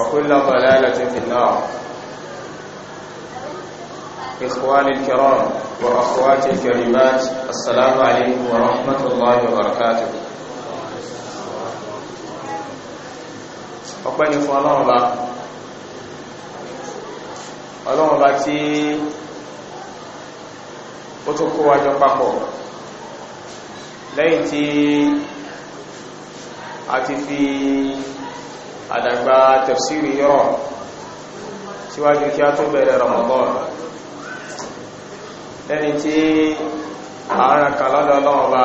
وكل ضلالة في النار إخواني الكرام وأخواتي الكريمات السلام عليكم ورحمة الله وبركاته ọpẹ́ ni fún ọlọ́run bá ọlọ́run bá tí ó tó kó wájọ papọ̀ lẹ́yìn tí a ti fi àdàgbà tafsiri yọ́rọ̀ síwájú kí a tó bẹ̀rẹ̀ Ramadan lẹ́ni tí àárín kalọ́dọ̀ lọ́wọ́ba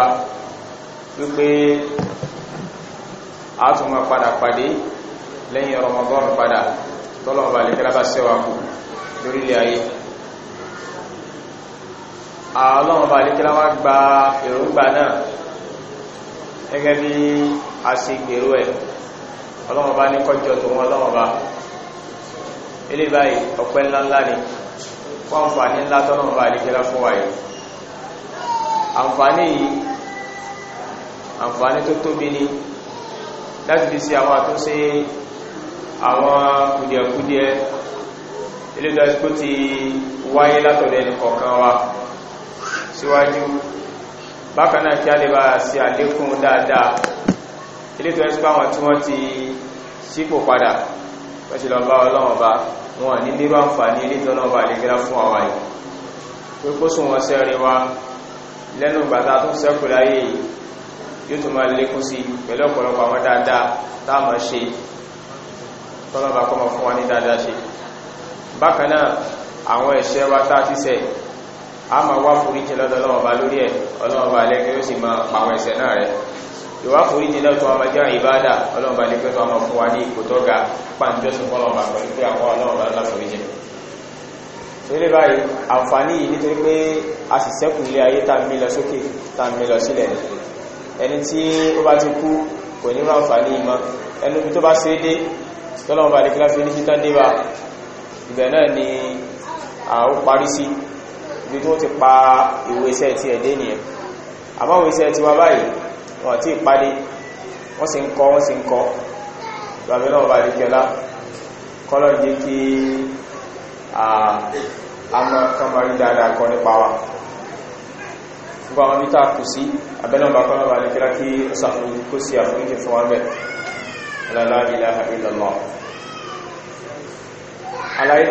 wípé a tún ma padà pàdé lẹ́yìn Ramadan padà tọ́lọ̀wọ́ba lè kẹ́lábà sẹ́wà kù lórílẹ̀ ayé àlọ́wọ́ba lè kẹ́lábà gba èròǹgbà náà gẹ́gẹ́ bí a sì gbèrò ẹ̀ ọlọ́wọ́n bá ní kọjọ tó wọn ọlọ́wọ́n bá ilé báyìí ọpẹ́ ńláńlá ni fún àǹfààní ńlá tọ́lọ́wọ́n bá àdíkẹ́lá fún wáyé àǹfààní yìí àǹfààní tó tóbi ni láti fi sí àwọn àtúnṣe àwọn kùdìẹ̀kùdìẹ ilé dájú kó ti wáyé látọ̀lẹ̀ ẹnìkọ̀ọ̀kan wa síwájú bákan náà kí a lè bá sí àlékún dáadáa ilé tó ẹ́ sí tí wọ́n ti sípò padà pẹ̀sílọ bá ọlọ́wọ̀n bá wọn ní nírò àǹfààní ilé tọ́nà bá lè gẹ́rẹ́ fún àwà yìí pé kó sùn wọn sẹ́rin wa lẹ́nu bàtà tó sẹ́kù láyé yóò tún máa lékún sí pẹ̀lú ọ̀pọ̀lọpọ̀ àwọn dáadáa táàmà ṣe tọ́nà bá kọ́mọ fún wa ní dáadáa ṣe tá a ti a máa wá foríjì lọ́dọ̀ ọlọ́wọ̀n bá lórí ẹ̀ ọlọ́wọ̀n bá lẹ́gbẹ̀ẹ́ ó sì máa pàwọn ẹ̀ṣẹ̀ náà ìwà foríjì náà tó ọmọ jẹ́ ìbádà ọlọ́ọ̀bá ní pẹ́tọ́ ọmọ fún wa ní ipò tó ga pàǹtẹ́sùn fọ́lọ́ọ̀bá pẹ̀lú pé àwọn ọlọ́ọ̀bá láforíjì torí báyìí àǹfààní yìí nítorí pé a sì sẹ́kù ilé ayé tàbí lọ sókè tàbí lọ sílẹ̀ ẹni tí ó bá ti kú kò ní rán àǹfààní ìmọ̀ ẹnu tó bá ṣe dé tọ́lọ́wọ́ bá lè kíláfí ní títán déwà ìbẹ̀ náà ni a ó parí sí ibi tó ti pa ìwé iṣẹ́ ti ẹ̀dẹ́ nìyẹn àmáwé iṣẹ́ ti wá báyìí wọn àti ìpàdé wọ́n sì ń kọ́ wọ́n sì ń kọ́ ìgbàmí náà bá rí kẹlá kọ́lọ̀ jẹ́ kí àmàkàmàrí dáadáa kọ́ nípa wa gbogbo àwọn mítà kù sí abẹ́lọ́mbà kọ́lọ̀ bá rí kẹlá kí sàfún kó sí àfúnkẹ́ fún wa mẹ́ la ilaha illallah àlàyé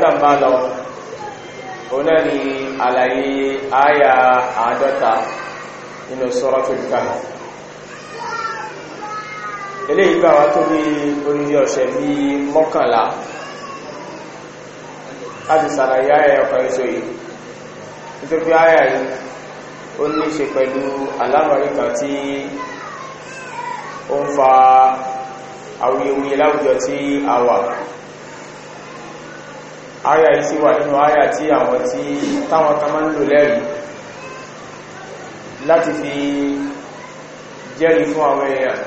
eléyìí gbà wá tó bí oríire ọ̀sẹ̀ bí mọ́kànlá láti sàlàyé ayà ọ̀kan èso yìí nítorí pé ayà yìí ó ní ṣe pẹ̀lú alámọ̀ríkà tí ó ń fa awuyewuye láwùjọ tí a wà ayà yìí sì wà nínú ayà tí àwọn tí táwọn kan máa ń lò lẹ́rìí láti fi jẹ́rìí fún àwọn èèyàn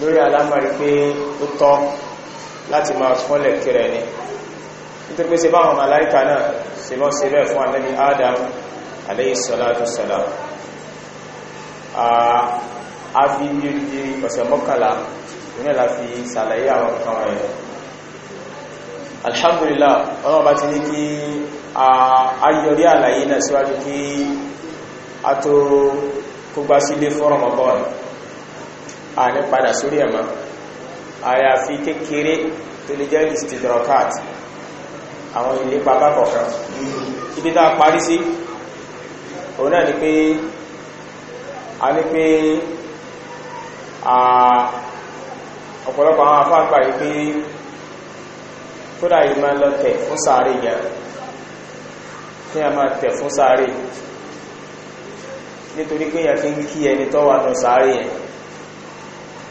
lórí alámàrí pé ó tọ́ láti máa fọ́lẹ̀ kẹrẹ ni nítorí pé ṣe bá àwọn màláíkà náà ṣe lọ ṣe bẹ́ẹ̀ fún ànábì Adam alayhi salam a fi bí di ọ̀sẹ̀ mọ́kànlá ní ẹ̀lá fi ṣàlàyé àwọn kan wọ̀nyẹn alhamdulillah ọlọ́run bá ti ní kí a yọrí àlàyé náà síwájú kí a tó kó gbá sílé fọ́rọ̀mọ̀bọ́ọ̀nù àní padà sórí ẹ̀mọ́ àyàfi kékeré tó lè jẹ́ istidrokat àwọn ìlépa bákọ̀ọ̀kan ibi tá a parí sí òun náà ni pé a ní pé ọ̀pọ̀lọpọ̀ àwọn afáàgbà yìí pé kódà yìí máa lọ tẹ̀ fún sàárè yẹn kí a máa tẹ̀ fún sàárè nítorí pé yẹn fi ń kí ẹni tó wà nù sàárè yẹn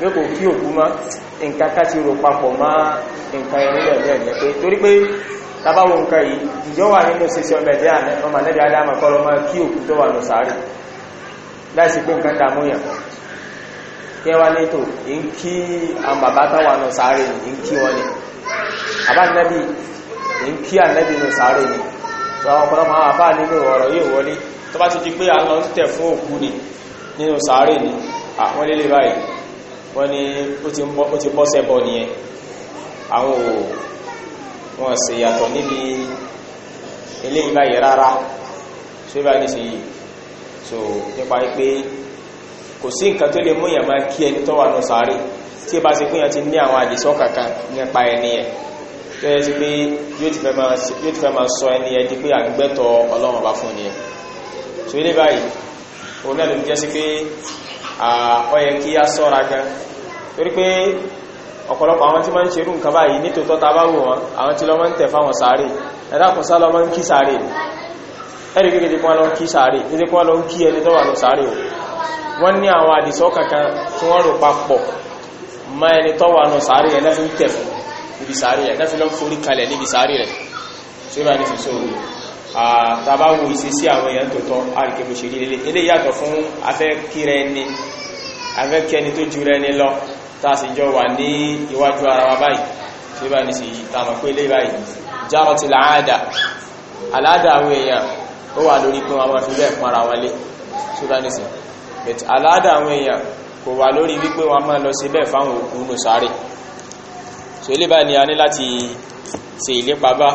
pé kò kí òkú má nǹkan ká ti rò papọ̀ má nǹkan ẹ̀rọ ẹ̀rọ ẹ̀rọ pé torí pé tabawo nǹkan yìí ìjọ wà nínú ṣíṣe ọmọ ẹ̀dẹ́ ọmọ ẹ̀dẹ́ adama kọlọ máa kí òkú tó wà lọ sáré láìsí pé nǹkan dàmú yàn kí ní tò ní ni àbá nẹ́bí ń kí ànẹ́bí lọ sáré ni tó àwọn ọ̀pọ̀lọpọ̀ àwọn àbá nínú ọ̀rọ̀ yìí wọlé tó bá ti di pé a lọ ń tẹ̀ fún báyìí wọ́n ní ó ti bọ́ sẹ́bọ̀ nìyẹn àwọn ò wọ́n ṣe yàtọ̀ níbi eléyìí báyìí rárá ṣé bá ní ṣe yìí so nípa pé kò sí nǹkan tó lè mú èèyàn máa kí ẹni tó wà nù sáré tí ó bá ṣe pé èèyàn ti ní àwọn àdìsọ́ kankan nípa ẹni ẹ̀ tó yẹ sí pé yóò ti fẹ́ máa sọ ẹni ẹ di pé àgbẹ́tọ̀ ọlọ́run ọba fún ni ẹ̀ so ilé báyìí òun náà ló jẹ́ sí pé ó yẹ kí á sọ́ra gan torí pé ọ̀pọ̀lọpọ̀ àwọn tí ma ń ṣerú nǹkan báyìí ní tòótọ́ ta bá wò wọn àwọn tí lọ ma ń tẹ̀ fáwọn sáré ẹ̀dàkùn sá lọ ma ń kí sáré ẹ̀rì kékeré kí wọ́n lọ ń kí sáré kékeré kí wọ́n lọ ń kí ẹni tó wà lọ sáré o wọ́n ní àwọn àdìsọ́ kankan tí wo ìṣesí àwọn èèyàn tó tọ́ àríkẹ́ bó ṣe rí lélẹ̀ ilé yàtọ̀ fún afẹ́kí rẹ ni tààsì jọ wà ní iwájú ara wa báyìí tí bá ní sí tààmà pé lé báyìí jáwọ́ ti láàdà aláàdà àwọn èèyàn ó wà lórí pé wọn fi bẹ́ẹ̀ pọ́nra wọn lé tí bá ní sí bẹ̀t aláàdà àwọn èèyàn kò wà lórí wípé wọn máa lọ sí bẹ́ẹ̀ fáwọn òkú nù sáré so ilé báyìí ni a ní láti ṣe ìlépa bá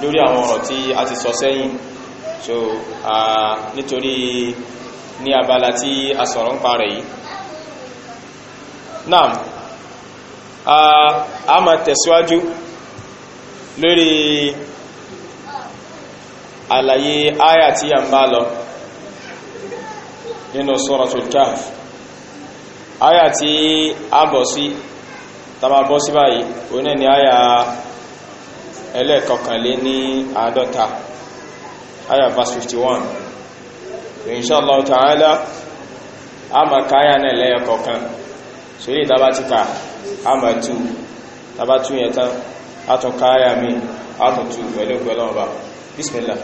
lórí àwọn ọ̀rọ̀ tí a ti sọ sẹ́yìn so nítorí ní abala tí a sọ̀rọ̀ ń parẹ̀ yìí naam a ma tẹ̀síwájú lórí àlàyé aya tí a ń bá lọ nínú suratul Kahf aya tí a bọ̀ sí tàbà bọ́ sí báyìí oní ni áyà ẹlẹ́kọ̀kànlé ní àádọ́ta aya verse 51 inshallah ta'ala a ma káyà náà lẹ́yẹ̀kọ̀kan sórí ìtàbá ti kà á máa tú tàbá tú yẹn tán á káyà mí á pẹ̀lú pẹ̀lú ọba bismillah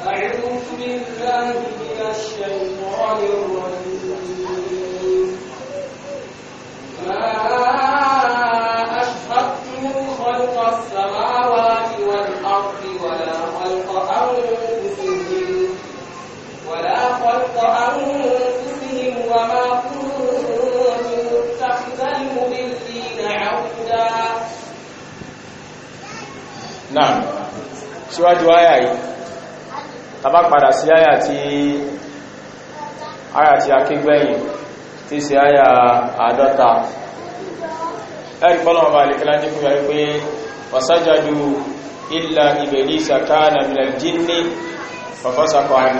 أعوذ بالله من الشيطان الرجيم náà síwájú àyà yìí tàbá padà sí àyà tí àyà tí a ké gbẹ̀yìn tí sí àyà àádọ́ta ẹ̀rì fọ́lọ̀mọ̀bá alìkílá ní fún ẹgbẹ́ wasajadu illa iblisa kana minal jinni fafasaqa an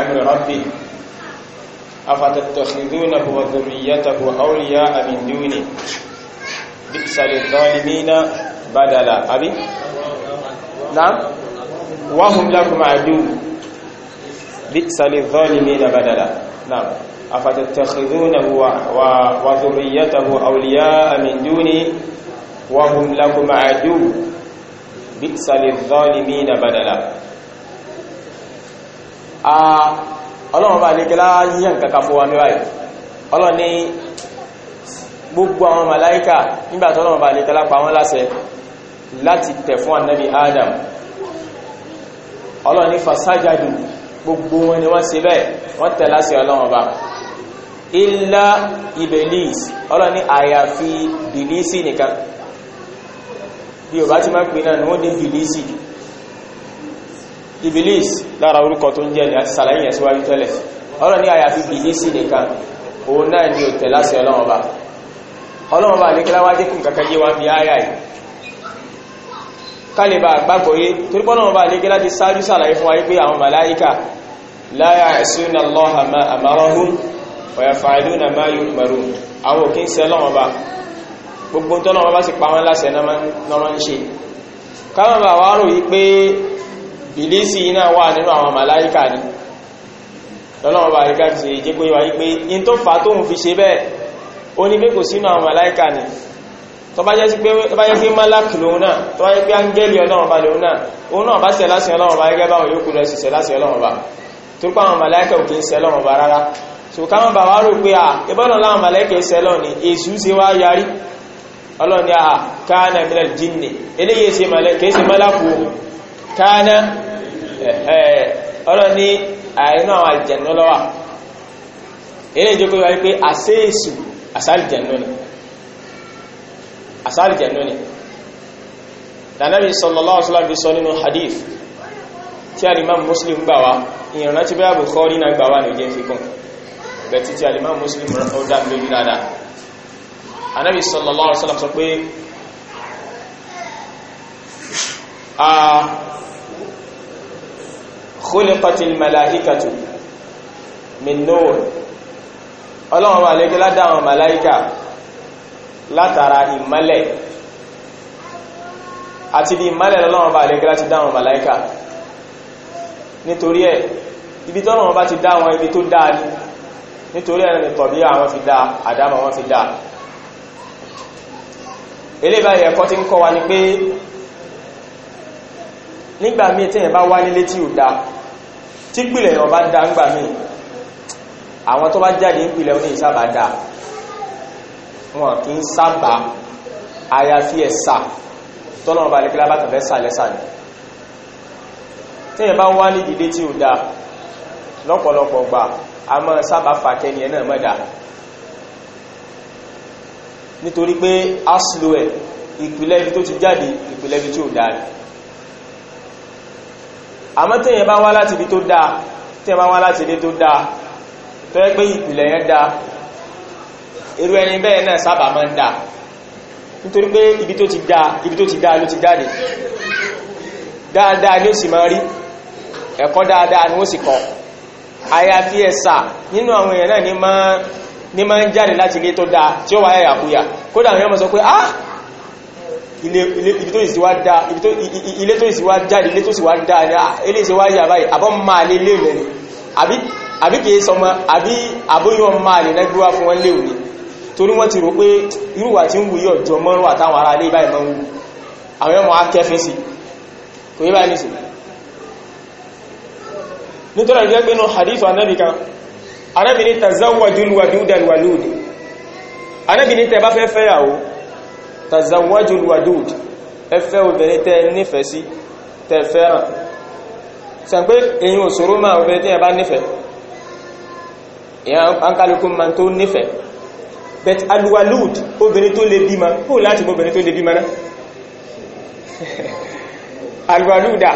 amri rabbi afatattakhidunahu wa náà wáhùn lákùnmà àdúù bí sàlẹ̀ zọ́ọ̀lì ní ìdàbàdàdà náà afatattakhidunahu wa dhurriyyatahu awliya'a min duni wa hum lakum adu bi sàlẹ̀ zọ́ọ̀lì ní ìdàbàdàdà ọlọ́run bá lékelá yíyàn kankan fún wa ní báyìí ọlọ́run ní gbogbo àwọn màláíkà nígbàtọ́lọ́run bá lékelá pa wọ́n láṣẹ láti tẹ̀ fún annabi adam ọlọ́ni fasajadu gbogbo wọn ni wọ́n ṣe bẹ́ẹ̀ wọ́n tẹ̀ láti ọlọ́wọ́n bá illa ibelis ọlọ́ni àyàfi bilisi nìkan bí o bá ti máa pè náà ni wọ́n ní bilisi ibilis lára orúkọ tó ń jẹ́ ni àti sàlàyé yẹn síwájú tẹ́lẹ̀ ọlọ́ni àyàfi bilisi nìkan òun náà ni ò tẹ̀ láti ọlọ́wọ́n bá ọlọ́wọ́n bá àlékẹ́lá wájé kùn kankan yé wá bí áyà yìí kálẹ̀bà gbàgbọ́yé torí pọ́nà ọba àlékẹ́ láti sáájú sàlàyé fún wáyé pé àwọn màláíkà la ya'suna Allaha ma amarahum wa yaf'aluna ma yu'marun àwọn òkín sẹ lọ́wọ́ba gbogbo tọ́lọ́wọ́ bá sì pa wọ́n láṣẹ náà ń ṣe kámàbà wá rò yí pé ìlísì iná wà nínú tó bá jẹ́ sí pé malak lòun náà tó bá jẹ́ pé áńgẹ́lì ọlọ́run bá lòun náà òun náà bá sẹ̀lásìn ọlọ́run bá gẹ́gẹ́ báwọn yóò kúrò ẹ̀sìn sẹ̀lásìn ọlọ́run bá tó pa àwọn màláíkà òkè ń sẹlọ́run bá rárá so káwọn bá wá rò pé à ìbọ́nà láwọn màláíkà sẹlọ́run ni èṣù ṣe wá yarí ọlọ́run ni à káànà minal jinni eléyìí ṣe màláíkà káànà ọlọ́run ni àìnú àwọn àlìjẹ̀nú lọ́wà eléyìí jókòó wáyé pé àṣẹ́ èṣù àṣà ni àsáàlì jẹ̀nú ni lànàbí sallallahu alaihi wasallam nínú hadith tí alimam muslim gbà wá ìrìnà tí bẹ́ẹ̀ Bukhari náà gbà wá ní ojú ìfikún bẹ̀ títí alimam muslim ó dá lójú dáadáa anábi sallallahu alaihi wasallam sọ pé a khuliqatil mala'ikatu min nur ọlọ́run wà lẹ́gẹ́lá dáwọn mala'ika látara ìmọ́lẹ̀ àti bí ìmọ́lẹ̀ lọ́wọ́n bá lẹ́gbẹ́ láti dáwọn màláíkà nítorí ẹ̀ ibi tọ́nà wọn bá ti dá wọn ibi tó dáa ní nítorí ẹ̀ ní tọ̀bí àwọn fi dá àdámà wọn fi dá ilé báyìí ẹ̀kọ́ ti ń kọ́ wa ni pé nígbà míì tẹ́yẹ̀ bá wá nílé tí ò dá tí pìlẹ̀ yàn bá dá ń gbà míì àwọn tó bá jáde ń pìlẹ̀ ó ní ìsábà dáa wọn kì í sábà àyàfi ẹ̀sà tọ́lọ́wọ́n bá lẹ́kẹ́lá bá tàbẹ́ sà lẹ́sà ní tíyẹ̀ bá wá ní ìdílé tí ó dá lọ́pọ̀lọpọ̀ gbà a mọ́ sábà fàkẹ́ni ẹ̀nà mọ́dá nítorí pé aslo ẹ̀ ìpìlẹ̀ ibi tó ti jáde ìpìlẹ̀ ibi tí ó dá ní àmọ́ tíyẹ̀ bá wá láti ibi tó dá tíyẹ̀ bá wá láti ilé tó dá tó pé ìpìlẹ̀ yẹn dá irú ẹni bẹ́ẹ̀ náà sábà máa ń dá nítorí pé ibi tó ti dá ibi tó ti dá ló ti dáadé dáadáa ni ó sì máa rí ẹ̀kọ́ dáadáa ni ó sì kọ́ àyàfi ẹ̀sà nínú àwọn èèyàn náà ni máa ní máa ń jáde láti ilé tó dáa tí ó wà ẹ̀yà kódà àwọn ọmọ sọ pé ah ilé tó sì wá dáa ilé tó sì wá jáde ilé tó sì wá dáa ní ilé ìṣẹ́ wá yà báyìí àbọ́ máa lè léèrè ni àbí kìí sọmọ àbí àbóyọ máa lè lẹ́gbíwá fún wọn léèrè torí wọ́n ti rò pé irúwà tí ń wù yọ jọ mọ́rún àtàwọn ará ilé ìbáyìí mọ́ ń wù àwọn ọmọ akẹfin sí kò yí báyìí nìsí nítorí ìjẹ́ pínú hadith anábì kan anábì ní tazawwajul wadudal walud anábì ní tẹ bá fẹ́ fẹ́ yàwó ma tó nífẹ̀ẹ́ bet alwalud obìnrin tó lè bímọ kó láti mọ́ obìnrin tó lè bímọ náà alwaluda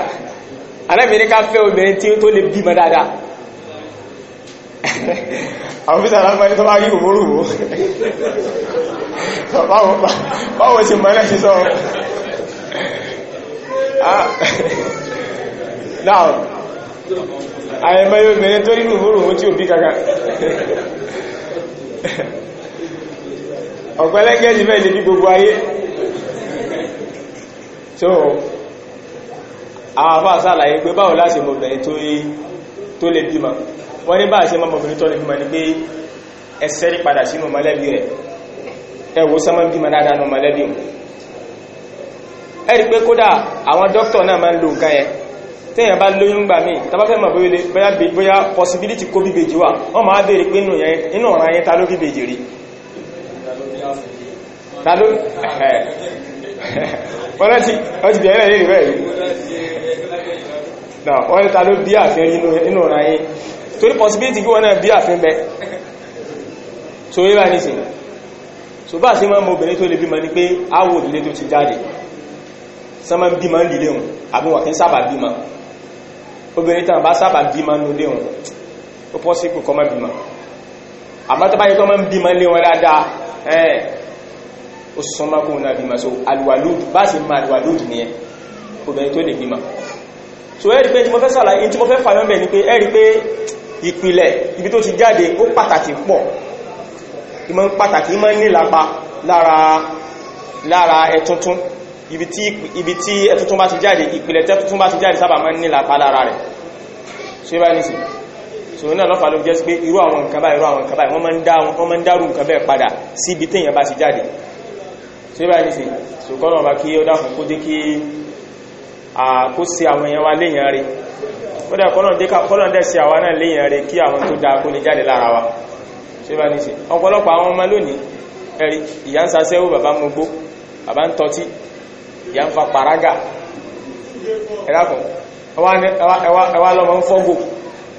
alábìnrin ká fẹ́ obìnrin tí tó lè bímọ dáadáa àwọn fíta aláfẹ́ ní tó bá rí òmórù wó báwo ṣe mọ́lẹ̀ sí sọ ah. now àyẹ̀mọ́ obìnrin tó rí òmórù wó tí ò bí kankan ọ̀pẹ́lẹ́gẹ́ ti fẹ́ níbi gbogbo ayé so àwọn afá sàlàyé pé báwo láti mọ̀bìnrin tó lè bímọ wọ́n ní báyìí sí mọ̀bìnrin tó lè bímọ ní pé ẹsẹ́ rí padà sínú mọ̀lẹ́bí rẹ̀ ẹwọ sọmọ́ bímọ dáadáa nù mọ̀lẹ́bí ẹ̀rí pé kódà àwọn dókítà náà máa ń lo nǹkan yẹn téèyàn bá lóyún gbà míì tàbá fẹ́ mọ̀ bóyá possibility kó bíbejì wà wọ́n máa béèrè pé inú ọ̀ràn yẹn ta ló bíbejì rí tàbí ẹ̀ wọ́n ti bẹ̀rẹ̀ lè rẹ̀ rí náà wọ́n ta ló bí àfin rí inú ọ̀nà yìí torí possibility kí wọ́n náà bí àfin bẹ so yíra ní sí so bá sí máa mọ obìnrin tó lè bímọ ní pé áwò ìdílé tó ti jáde sánmà ń bímọ nílé hùn àbí wọ́n kí ń sábà bímọ obìnrin tàn bá sábà bímọ nílé hùn ó pọ́ sí ẹ̀ ó súnmọ́ kó náà bímọ so alùwàlóòdù bá sì máa alùwàlóòdù nìyẹn obìnrin tó lè bímọ so ẹ́rì pé tí mo fẹ́ sàlàyé tí mo fẹ́ fàyọ́mẹ̀ ni pé ẹ́rì pé ìpìlẹ̀ ibi tó ti jáde ó pàtàkì pọ̀ ìmọ̀ pàtàkì ìmọ̀ nílapa lára lára ẹ̀tuntun ibi tí ibi tí ẹ̀tuntun bá ti jáde ìpìlẹ̀ tẹ́tuntun bá ti jáde sábà máa ń nílapa so náà lọ́fà ló jẹ́ pé irú àwọn nǹkan báyìí irú àwọn nǹkan báyìí wọ́n máa ń dárú nǹkan bẹ́ẹ̀ padà síbi téèyàn bá ti jáde so báyìí nìsí so kọ́nà ọba kí ó dákun kó dé kí kó sí àwọn èèyàn wa léèyàn rẹ̀ ó dẹ̀ kọ́nà dé kọ́nà dẹ̀ sí àwa náà léèyàn rẹ̀ kí àwọn tó dáa kó lè jáde lára wa so báyìí nìsí ọ̀pọ̀lọpọ̀ àwọn ọmọ lónìí ẹ̀rí ìyá ń sasẹ́wó bàbá mogbó bàbá ń tọ́tí ìyá ń fa pàrágà ẹ̀rákùn ẹwà lọ́mọ ń fọ́gbò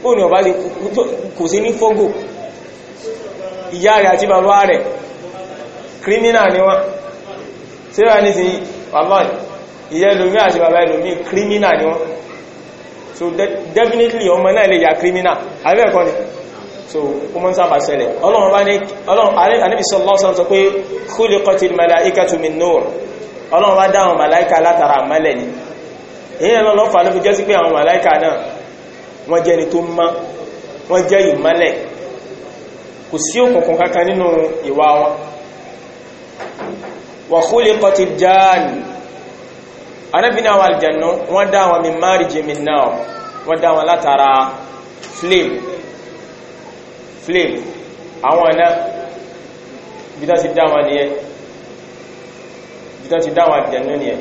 ó ní ọ̀bá lè kò sí ní fógò ìyá rẹ̀ àti bàbá rẹ̀ kírímínà ni wọ́n tí wà ní ti bàbá ìyá ẹlòmí àti bàbá ẹlòmí kírímínà ni wọ́n so de definitely ọmọ náà lè yà kírímínà àbẹ́ẹ̀kọ́ ni so o mọ́ sábà ṣẹlẹ̀ ọlọ́run bá ní ọlọ́run Ànábì sallallahu alaihi wasallam sọ pé khuliqatil malaikatu min nur ọlọ́run bá dáhùn màláíkà látara mọ́lẹ̀ ni èyí ẹ̀lọ́lọ́fà ló fi jẹ́ sí pé àwọn màláíkà náà wọ́n jẹ́ ni tó mọ́ wọ́n jẹ́ ìmọ́lẹ̀ kò sí òkùnkùn kankan nínú ìwà wọn wa khuliqatil jann anábìnà àwọn àlìjànú wọ́n dá wọn min marijin min nar wọ́n dá wọn látara flame flame àwọn ẹ̀nà bídá ti dá wọn nìyẹn bídá ti dá wọn àlìjànú nìyẹn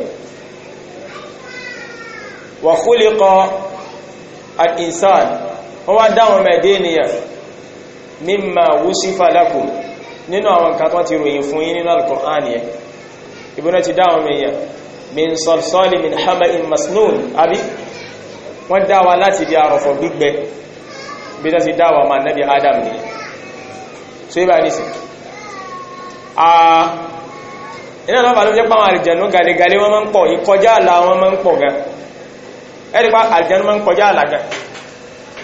al-insan wọ́n wá dáwọn mẹ́dẹ́niyà mimma wusifa lakum nínú àwọn nǹkan tó ti ròyìn fún yín nínú al-Qur'an yẹ ibùnà ti dáwọn mẹ́yà min salsali min hama'in masnun abi wọ́n dáwa láti bí arọ̀fọ̀ gbígbẹ bí tó ti dáwa ma nabi adam ni so ibà nìsí iná lọ́pàá ló jẹ́ pàwọn àrìjẹ̀nú gàdégàdé wọ́n máa ń pọ̀ ìkọjá àlà wọn máa ẹ̀rípa àlìjẹ́nu máa ń kọjá àlàgà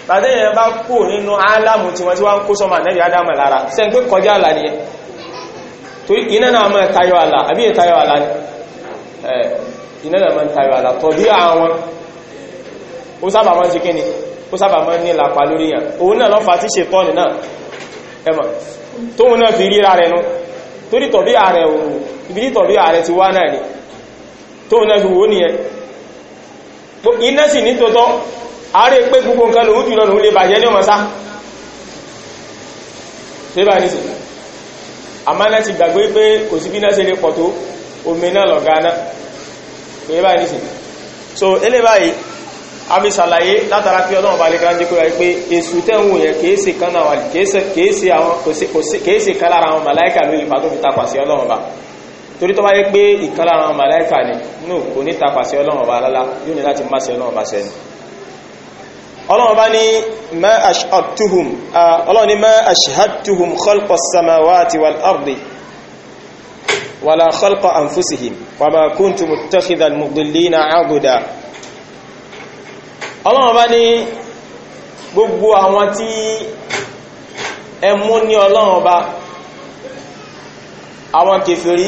tàbí èèyàn bá kú nínú álámù tí wọ́n tí wọ́n kó sọmọ ànẹ́bí ádámà lára sẹ́n pé kọjá àlà nìyẹn torí iná náà máa tayọ àlà àbí ìtayọ àlà ni iná náà máa tayọ àlà tọ̀bí àwọn ó sábà máa ń ṣe kíni ó sábà máa ń ní làpá lórí yàn òun náà lọ́fà tí ṣe tọ́ni náà ẹmọ̀ tóun náà fi ríra rẹ̀ nu torí tọ̀bí ààrẹ òun ibi tí tọ̀bí ààrẹ ti wá náà ni tóun náà fi wò ó nìyẹn iná sì ní tótọ́ ààrẹ pé gbogbo nǹkan lòun jùlọ lòun lè bàjẹ́ ní ọmọ sá ṣe bá nìsí àmánà ti gbàgbé pé kò sí bí náà ṣe lè pọ̀ tó omi náà lọ̀gá náà ṣe bá nìsí so ilé báyìí àmì sàlàyé látara pé ọlọ́run balẹ̀ kan díkò wáyé pé èsù tẹ́hùn yẹn kèése kan náà wà kèése kan lára àwọn màláìkà lórí torí tó bá yẹ pé ìkan lára àwọn màláìkà ni no kò ní tapàṣẹ ọlọ́run ọba alálá yóò ní láti máṣẹ ọlọ́run ọba sẹ́ni ọlọ́run ọba ní ma ashhadtuhum ọlọ́run ní ma ashhadtuhum khalqa samawati wal ardi wala khalqa anfusihim wa ma kuntu muttakhidhal mudillina abuda ọlọ́run ọba ní gbogbo àwọn tí ẹmú ní ọlọ́run ọba àwọn kèfèrí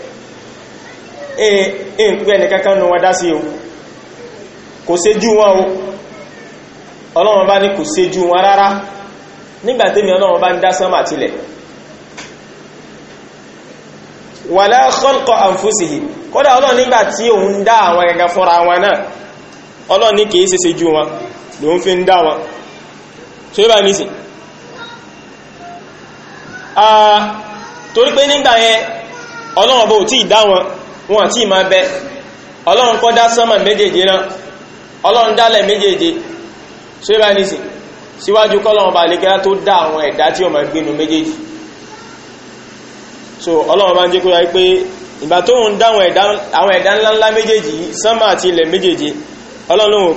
in eh, eh, pe ni kankan nu da si o ko seju o olorun ba ni ko seju rara nigba temi olorun ba nda san ma tile wala khalqa anfusih ko da olorun nigba ti o nda awon gaga fora awon na olorun ni ke se seju won lo nfin nda ah, won so ba ni si a torí pé nígbà yẹn ọlọ́rọ̀bọ̀ ò tí wọn àti ìmá bẹ ọlọ́run kọ́ dá sánmà méjèèjì náà ọlọ́run dálẹ̀ méjèèjì ṣé bá ní sí síwájú kọ́lọ́run bá lẹ́gẹ́rá tó dá àwọn ẹ̀dá tí ọmọ gbénu méjèèjì so ọlọ́run bá ń jẹ́ kó yáyí pé ìgbà tó ń dá àwọn ẹ̀dá ńláńlá méjèèjì sánmà àti ilẹ̀ méjèèjì ọlọ́run lòun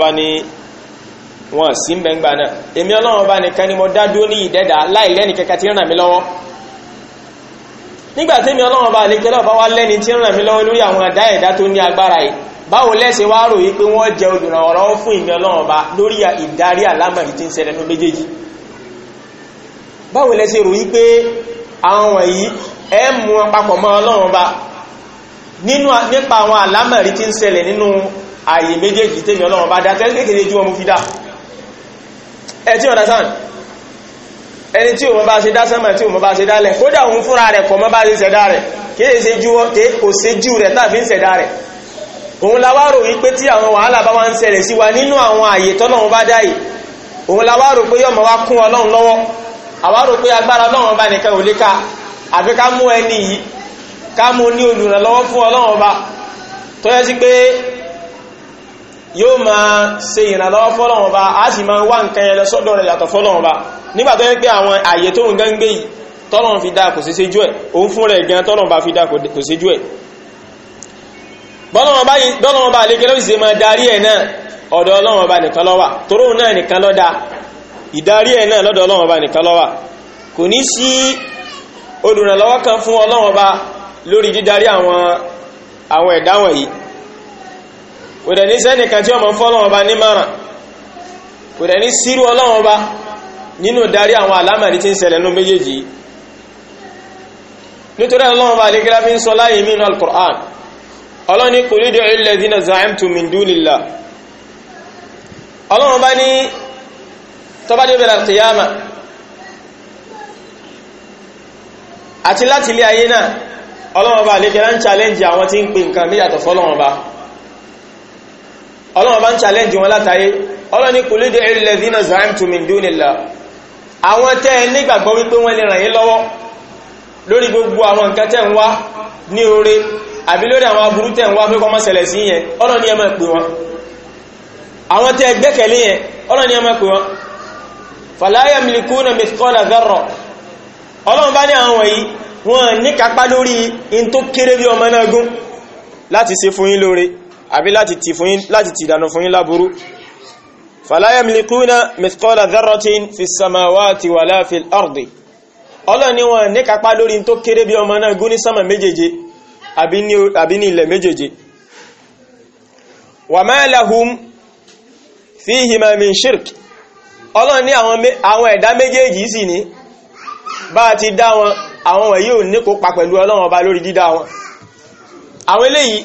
pè wọn sí mẹ́ngbà náà èmi ọlọ́run bá nìkan ni mo dá dúró ní ìdẹ́dà láì lẹ́ni kẹka tí ń ràn mí lọ́wọ́ nígbà tí èmi ọlọ́run bá nìkan náà bá wá lẹ́ni tí ń ràn mí lọ́wọ́ lórí àwọn àdá ẹ̀dá tó ní agbára yìí báwo lẹ́sẹ̀ wá rò yìí pé wọ́n jẹ olùrànlọ́wọ́ fún èmi ọlọ́run bá lórí ìdarí àlámọ̀rí tí ń ṣẹlẹ̀ nínú méjèèjì báwo lẹ́sẹ̀ rò ẹ tí ọ̀dá sáà ẹni tí òun bá ṣe dá sánmà tí òun bá ṣe dálẹ̀ kódà òun fúnra rẹ̀ kọ̀ mọ́ bá ṣe ṣẹ̀dá rẹ̀ kéde ṣe ju kò ṣe jù rẹ̀ tàbí ń ṣẹ̀dá rẹ̀ òun lawárò yí pé tí àwọn wàhálà bá wá ń ṣẹlẹ̀ sí wa nínú àwọn àyè tọ́lọ́run bá dá òun lawárò pé yọ́mọ wá kún ọlọ́run lọ́wọ́ àwárò pé agbára ọlọ́run bá nìkan ò lè ka àfi ká mú ẹni yìí ká mú ní olùrànlọ́wọ́ fún ọlọ́run bá tọ́yẹ́ sí pé yóò máa ṣe ìrànlọ́wọ́ fọ́lọ́run ọba a sì máa wá nǹkan yẹn lọ sọ́dọ̀ rẹ̀ yàtọ̀ fọ́lọ́run ọba nígbà tó yẹ pé àwọn àyè tó ń gángbé yìí tọ́lọ́run fi dá kò sí séjú ẹ̀ òun fún rẹ̀ gan tọ́lọ́run bá fi dá kò séjú ẹ̀ bọ́lọ́run ọba àlékẹ́ ló sì ṣe máa darí ẹ̀ náà ọ̀dọ̀ ọlọ́run ọba nìkan ló wà toróhun náà nìkan kò dẹ̀ ní sẹ́nìkan tí ó mọ̀ fọ́lọ́wọ́ bá ní mara kò dẹ̀ ní sírú ọlọ́wọ́ bá nínú darí àwọn alámàrí tí ń ṣẹlẹ̀ ní méjèèjì nítorí ọlọ́wọ́ bá alékírá fi ń sọ láyé mínú al ọlọ́ni qul ud'u alladhina za'amtum min dunillah ọlọ́wọ́ bá ní tọ́bádé bẹ̀rẹ̀ al-qiyama àti láti ilé ayé náà ọlọ́wọ́ bá alékírá ń challenge àwọn tí ń pè nǹkan méjàtọ̀ fọ́lọ́wọ́ bá ọlọ́wọ́ bá ń challenge wọn látàyé ọlọ́ni kò lédè alladhina za'amtum min dunillah àwọn tẹ́ nígbàgbọ́ wípé wọ́n lè ràn yín lọ́wọ́ lórí gbogbo àwọn nǹkan tẹ́ ń wá ní oore àbí lórí àwọn aburú tẹ́ ń wá pé kó má ṣẹlẹ̀ sí yẹn ọlọ́ni ẹ máa pè wọ́n àwọn tẹ́ gbẹ́kẹ̀lé yẹn ọlọ́ni ẹ máa pè wọ́n fala yamlikuna mithqala dharra ọlọ́run bá ní àwọn wọ̀nyí wọ́n ní kápá lórí in tó kéré bí ọmọ náà gún láti ṣe fún yín lóore àbí láti ti dànù fún yín láburú fala yamlikuna mithqala dharratin fi samawati wala fil ardi ọlọ́run ni wọ́n ní kápá lórí tó kéré bí ọmọ náà gún ní sánmà méjèèje àbí ní ilẹ̀ méjèèje wa ma lahum fihima min shirk ọlọ́run ní àwọn ẹ̀dá méjèèjì sì ní bá ti dá wọn àwọn wọ̀nyí ò ní kópa pẹ̀lú ọlọ́run ọba lórí dídá wọn àwọn eléyìí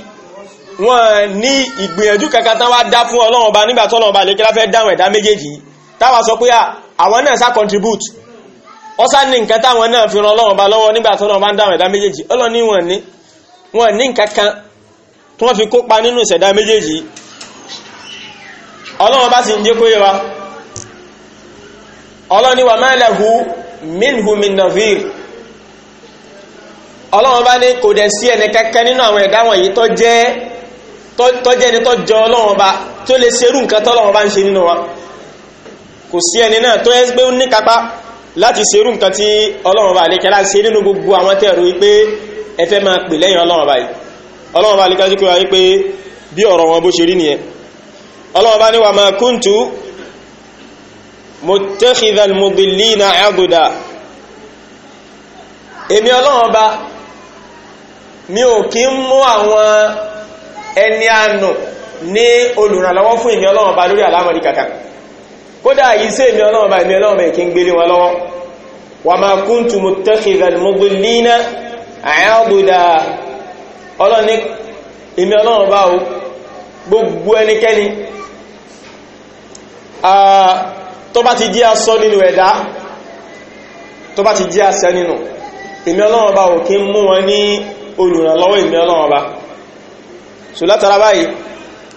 wọ́n ní ìgbìyànjú kankan tán wá dá fún ọlọ́run ọba nígbà tọ́lọ́run ọba lékẹ́lá fẹ́ dáhùn ẹ̀dá méjèèjì táwa sọ pé àwọn náà sá contribute wọ́n ní nǹkan táwọn náà fi ran ọlọ́run ọba lọ́wọ́ nígbà ọba ń ẹ̀dá méjèèjì ní ní fi kópa nínú ọba sì ń ọba ní kò dẹ̀ sí tọ́jẹ́ ni tọ́jọ Ọlọ́run Ọba tó lè ṣerú nǹkan tọ́lọ́run Ọba ń ṣe nínú wa kò sí ẹni náà tó ẹ́sgbé ní kápá láti ṣerú nǹkan tí Ọlọ́run Ọba àlékẹ́ láti ṣe nínú gbogbo àwọn tẹ̀rù wípé ẹ fẹ́ máa pè lẹ́yìn Ọlọ́run Ọba yìí mi ò kí ń mú àwọn ẹni àánú ní olùrànlọ́wọ́ fún ìmì ọlọ́run ba lórí àlámọ̀rí kàkà kódà yìí sí ìmì ọlọ́run ba ìmì ọlọ́run bẹ̀kí ń gbélé wọn lọ́wọ́ wà máa kún tù mú tẹ́kìdà àyàbùdà ọlọ́ni ìmì ọlọ́run bá so látara báyìí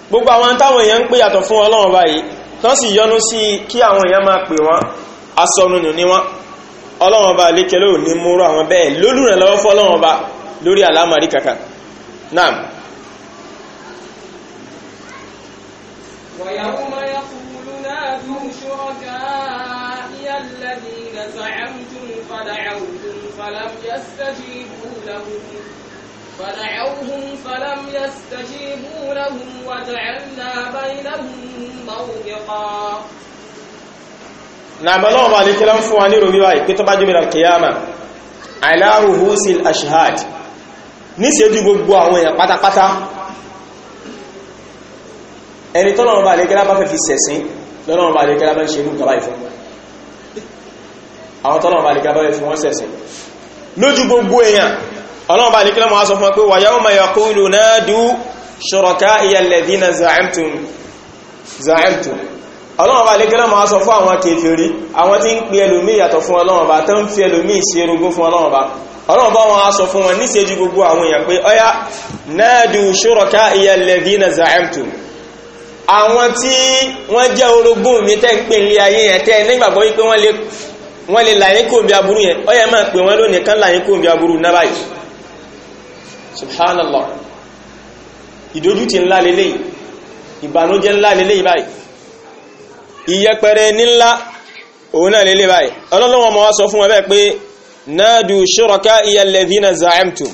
gbogbo àwọn táwọn èèyàn ń pè yàtọ̀ fún ọlọ́run báyìí tán sì yọnu sí kí àwọn èèyàn máa pè wọ́n asọnunù ni wọ́n ọlọ́run ọba lékelé ò ní múrò àwọn bẹ́ẹ̀ lólùrànlọ́wọ́ fọ́lọ́run ọba lórí àlámàrí kàkà náà ويوم يقول نادوا شركائي الذين زعمتم فدعوهم فدعوهم فلم يستجيبوا لهم وجعلنا بينهم موبقا nàbàlọ́ ọba alékẹ́lá ń fún wa ní ìròyìn wáyé pé tó bá jẹ́bẹ̀rẹ̀ kìyàmà aláhùhúsí ashihad ní ṣẹ́jú gbogbo àwọn èèyàn pátápátá ẹni tọ́nà ọba alékẹ́lá bá fẹ́ fi sẹ̀sìn lọ́nà ọba alékẹ́lá bá ń ṣe múkàbá ìfún àwọn tọ́nà ọba alékẹ́lá bá fẹ́ fi wọ́n sẹ̀sìn lójú gbogbo èèyàn ọlọ́run bá ní kílọ́mù wá sọ fún pé wa yawma yaqulu nadu shuraka'iya alladhina za'amtum za'amtum ọlọ́run bá ní kílọ́mù wá sọ fún àwọn kèfèrí àwọn tí ń pè ẹlòmí yàtọ̀ fún ọlọ́run bá tó ń fi ẹlòmí ìṣerogún fún ọlọ́run bá ọlọ́run bá wọn aṣọ fún wọn níṣẹ́jú gbogbo àwọn èèyàn pé ọya nadu shuraka'iya alladhina za'amtum àwọn tí wọ́n jẹ́ subhanallah ìdójútì ńlá lélẹ̀ ìbànújẹ́ ńlá lélẹ̀ báyìí ìyẹpẹrẹ nílá òun náà lélẹ̀ báyìí ọlọ́lọ́wọ́n ma wá sọ fún ẹbẹ́ pé náàdù ṣúrọ̀ká iyalladhina za'amtum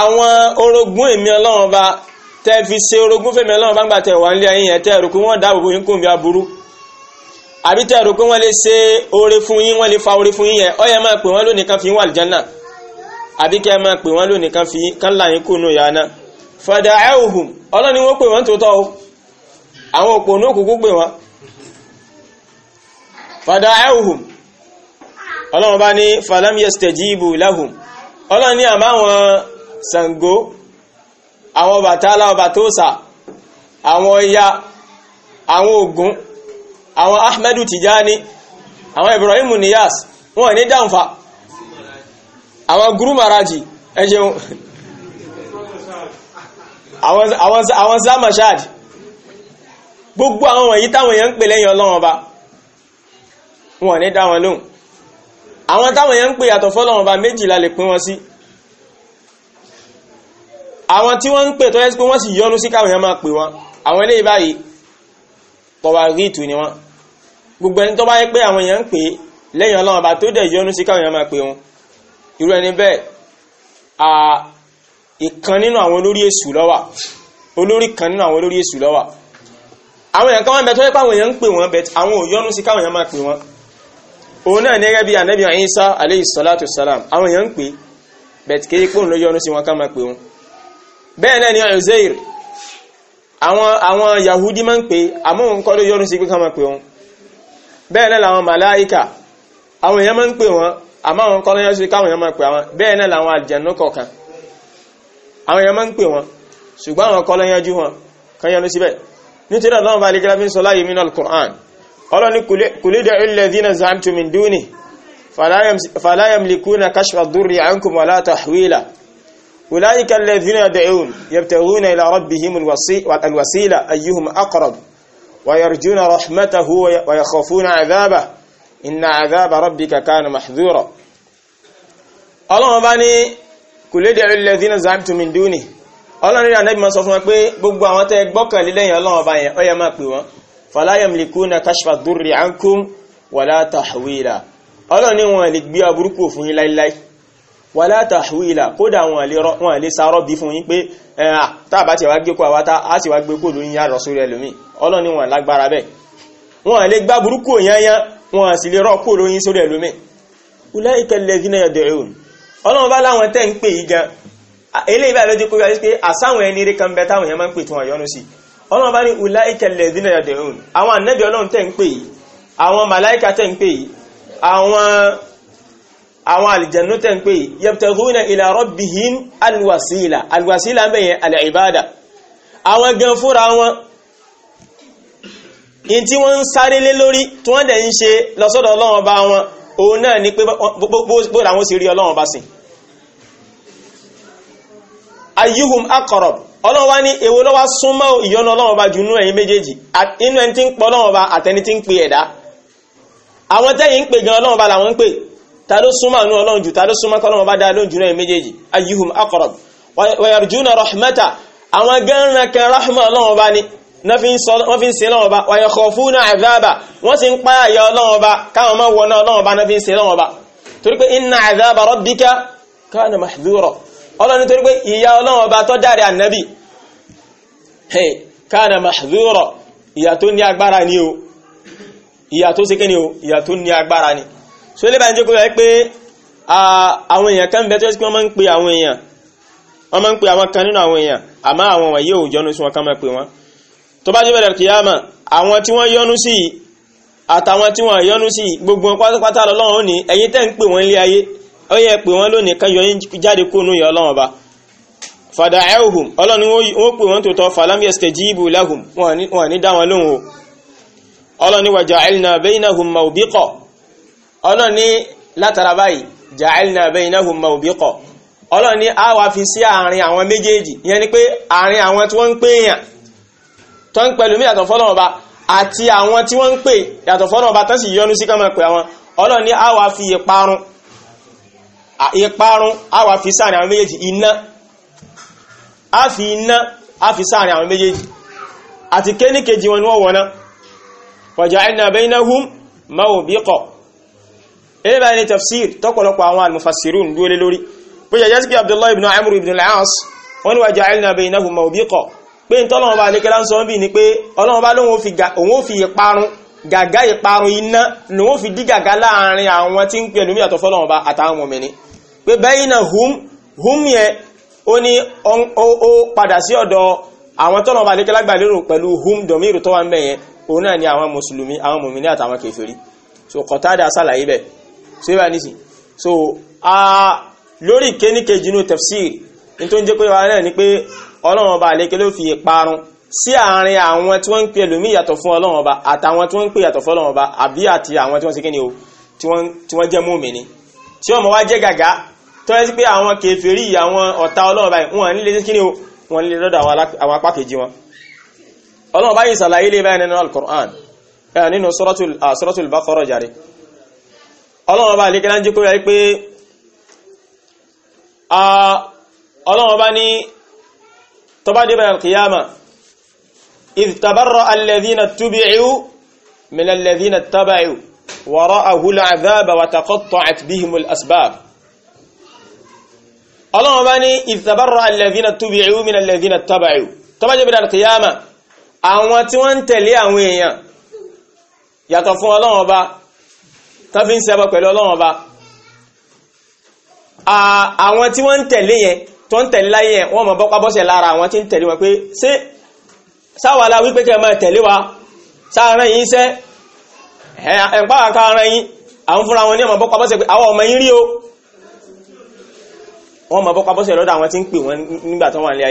àwọn orogún èmi ọlọ́wọ́n bá tẹ́ fi ṣe orogún fẹ́mi ọlọ́wọ́n bá ń gbà tẹ̀ wà nílé ayé yẹn tẹ́ rò pé wọ́n dáàbò yín kò ń bí aburú àbí tẹ́ àbí kẹ́ máa pè wọ́n lónìí kan fi kán láyín kùnú yàná fàdà ẹ̀hùn ọlọ́ni wọ́n pè wọ́n tó tọ́ o àwọn òpònú òkùnkùn pè wọ́n fàdà ẹ̀hùn ọlọ́run bá ní falamiyestajibu lahum ọlọ́ni àmá àwọn Ṣàngó àwọn Ọbàtálá Ọbàtósà àwọn Tijani àwọn Ibrahim Niyas wọn ní dáǹfà àwọn guru maraji ẹ ṣeun àwọn samashad gbogbo àwọn wọ̀nyí táwọn èèyàn ń pè lẹ́yìn ọlọ́run ọba wọn ní dá wọn lóhùn àwọn táwọn èèyàn ń pè yàtọ̀ fọ́lọ́run ọba méjìlá lè pín wọn sí àwọn tí wọ́n ń pè tó yẹ wọ́n sì yọnu sí káwọn èèyàn ni wọn gbogbo ẹni tó bá yẹ pé àwọn èèyàn ń pè lẹ́yìn máa pè wọn irú ẹni bẹ́ẹ̀ a ìkan nínú àwọn olórí èṣù lọ́wà olórí kan nínú àwọn olórí èṣù lọ́wà àwọn èèyàn kan wọ́n bẹ tó yẹ pé àwọn èèyàn ń pè wọ́n bẹ àwọn ò sí káwọn èèyàn máa pè wọ́n òun náà ní bí anabi Isa aleyhi salatu salam àwọn èèyàn ń pè bẹ̀tì kéyí pòun ló yọ́nú sí wọn ká máa pè wọn bẹ́ẹ̀ náà ni Uzair àwọn àwọn Yahudi máa ń pè àmọ́ òun kọ́ ló yọ́nú sí pé ká máa pè wọn bẹ́ẹ̀ náà làwọn màláíkà àwọn èèyàn máa ń pè wọn àmọ́ àwọn kọ́ lọ́yọ́ sí káwọn èèyàn máa pè àwọn bẹ́ẹ̀ náà làwọn àlùjànnú kọ̀ọ̀kan àwọn èèyàn máa ń pè wọn ṣùgbọ́n àwọn kọ́ lọ́yọ́ jú wọn kan yẹnu síbẹ̀ nítorí ọlọ́run bá lè gíra fi ń sọ láyé mínú al-Qur'an ọlọ́ni kùlídà ilẹ̀ dínà zàmtù min dúni fàláyàm likúna kashfa dúrì àǹkùn wà látà hwílà wùláyíkà ilẹ̀ dínà da'un yabtaguna ila rabbihim alwasila ayyuhum aqrab wa yarjuna rahmatahu wa yakhafuna adhabah inna azaba rabbika kana mahdhura ọlọ́run bá ní kulidi alladhina zamtum min duni ọlọ́run rí ànábì máa sọ fún wọn pé gbogbo àwọn tẹ́ gbọ́kànlé lẹ́yìn ọlọ́run bá yẹn ó yẹ máa pè wọ́n fala yamlikuna kashfa durri ankum wala tahwila ọlọ́run ní wọn lè gbé aburúkú fún yín láíláí wala tahwila kódà wọn lè sárọ́ bí fún yín pé ẹ̀hà tàbá ti wá gbé kó àwátá á sì wá gbé kó lóyìn yàrá sórí ẹlòmíì ọlọ́run ní wọn lágbára bẹ́ẹ̀ wọn lè gbá burúkú yányán wọn à sì lè rọ́ kó lóyìn sórí ẹlòmí ulaika alladhina yad'un ọlọ́run bá láwọn tẹ́ ń pè yí gan eléyìí bá lójú kóyọ pé àsáwọn ẹni rí kan bẹ táwọn èèyàn máa ń pè tí wọn yọnu sí ọlọ́run bá ní ulaika alladhina yad'un àwọn ànábì ọlọ́run tẹ́ ń in tí wọ́n ń sáré lé lórí tí wọ́n dẹ̀ ń ṣe lọ́sọ́dọ̀ ọlọ́run ọba wọn òun náà ni pé bó làwọn sì rí ọlọ́run ọba sìn ayyuhum aqrab ọlọ́run wá ní èwo ló wá súnmọ́ ìyọ́nú ọlọ́run ọba jù nú ẹ̀yin méjèèjì inú ẹni tí ń pọ̀ ọlọ́run ọba àtẹni tí ń pe ẹ̀dá àwọn tẹ́yìn ń pè gan ọlọ́run ọba làwọn ń pè ta ló súnmọ́ àánú ọlọ́run jù ta ló súnmọ́ kọ́lọ́run ọba dáa jù nú ẹ̀yin méjèèjì ayyuhum aqrab wa yarjuna rahmata àwọn gẹ́rùn kan rahma ọlọ́run ọba ni wọ́n fi ń sin lọ́wọ́ bá wàyẹ̀ kọ̀ fún náà àdáàbà wọ́n ti ń páyà yọ lọ́wọ́ bá káwọn máa wọ náà lọ́wọ́ bá náà fi ń sin lọ́wọ́ bá torí pé iná àdáàbà rabbika kana mahdhura ọlọ́ni torí pé ìyá ọlọ́wọ́ bá tọ́ dáre ànábì kana mahdhura ìyà tó ní agbára ni o ìyà tó ṣe kíni o ìyà tó ní agbára ni so ilé báyìí jókòó rẹ̀ pé àwọn èèyàn kan bẹ tó yẹ kí wọ́n tó bá jẹ́ bẹ̀rẹ̀ kìyàmà àwọn tí wọ́n yọ́nú sí àtàwọn tí wọ́n yọ́nú sí gbogbo pátápátá lọ́lọ́run ó ní ẹ̀yin tẹ́ ń pè wọ́n ilé ayé ó yẹ pè wọ́n lónìí kan yọ jáde kónú yọ ọlọ́run ọba fada'uhum ọlọ́run wọ́n pè wọ́n tòótọ́ falam yastajibu lahum wọ́n ní dá wọn lóhùn o ọlọ́run ní wa ja'alna bainahum mawbiqa a wá fi sí àárín àwọn méjèèjì ìyẹn ni pé àárín àwọn tí wọ́n ń pèèyàn tó ń pẹ̀lú mí yàtọ̀ fọ́lọ́wọ́n ba àti àwọn tí wọ́n ń pè yàtọ̀ fọ́lọ́wọ́n ba tó sì yọnu sí kọ́mọ pé àwọn ọlọ́run ní àwa fi ìparun ìparun àwa fi sáàrin àwọn méjèèjì iná a fi iná a fi sáàrin àwọn méjèèjì àti kéníkejì wọn ni wọ́n wọ̀ná waja'alna bainahum mawbiqa ebe ni tafsir tọ́pọ̀lọpọ̀ àwọn almufasirun dúó lé lórí pé yẹ wọ́n pé n tọ́lọ́wọ́n bá lékẹ́lá ń sọ ń bì ní pé ọlọ́wọ́n bá lóun ó fi ìparun gàgá ìparun iná lòun ó fi dí gàgá láàrin àwọn tí ń pè lómi àtọ́ fọ́lọ́wọ́n bá àtàwọn ọmọ mi pé bẹ́yìn náà hum hum yẹn ó ní ó padà sí ọ̀dọ̀ àwọn hum dọ̀míìrù tó wà ni àwọn mùsùlùmí àwọn mùmíní àtàwọn kèfèrí so kọ̀tádà sàlàyé bẹ̀ ṣé bá so lórí ìkéníkejì inú tafsir ní tó ń jẹ́ pé wà náà ni pé ọlọ́run ọba àlékè ló fi parun sí àárín àwọn tí wọ́n ń pè lómi yàtọ̀ fún ọlọ́run ọba àtàwọn tí wọ́n ń pè yàtọ̀ fún ọlọ́run ọba àbí àti àwọn tí wọ́n ṣe kíni o tí wọ́n jẹ́ mùmínì tí ọmọ wa jẹ́ gàgá tó yẹ pé àwọn kèfèrí àwọn ọ̀tá ọlọ́run báyìí wọn nílé sí kíni o wọn nílé lọ́dọ̀ àwọn apá kejì wọn ọlọ́run báyìí sàlàyé lè báyìí nínú al-Qur'an nínú suratul Baqara jàre ọlọ́run bá àlékè láńjẹ́ kó yẹ pé ọlọ́run tó bá débẹ̀ alkiyama idh tabarra'a alladhina tubi'u min alladhina taba'u wa ra'ahu al'adhaba wa taqatta'at bihim al'asbab ọlọ́run bá ní idh tabarra'a alladhina tubi'u min alladhina taba'u tó bá débẹ̀ alkiyama àwọn tí wọ́n ń tẹ̀lé àwọn èèyàn yàtọ̀ fún ọlọ́run ọba tán tó ń tẹ̀lé láyé ẹ̀ wọ́n mọ̀ bọ́pá bọ́sẹ̀ lára àwọn tí ń tẹ̀lé wọn pé ṣé sáwàlá wípé kẹ́ máa tẹ̀lé wa sáàrán yìí iṣẹ́ ẹ̀pá àkàrán yìí àwọn fúnra wọn ní ọmọ bọ́pá bọ́sẹ̀ pé àwọn ọmọ yìí rí o wọ́n mọ̀ bọ́pá bọ́sẹ̀ lọ́dọ̀ àwọn tí ń pè wọ́n nígbà tó wà ní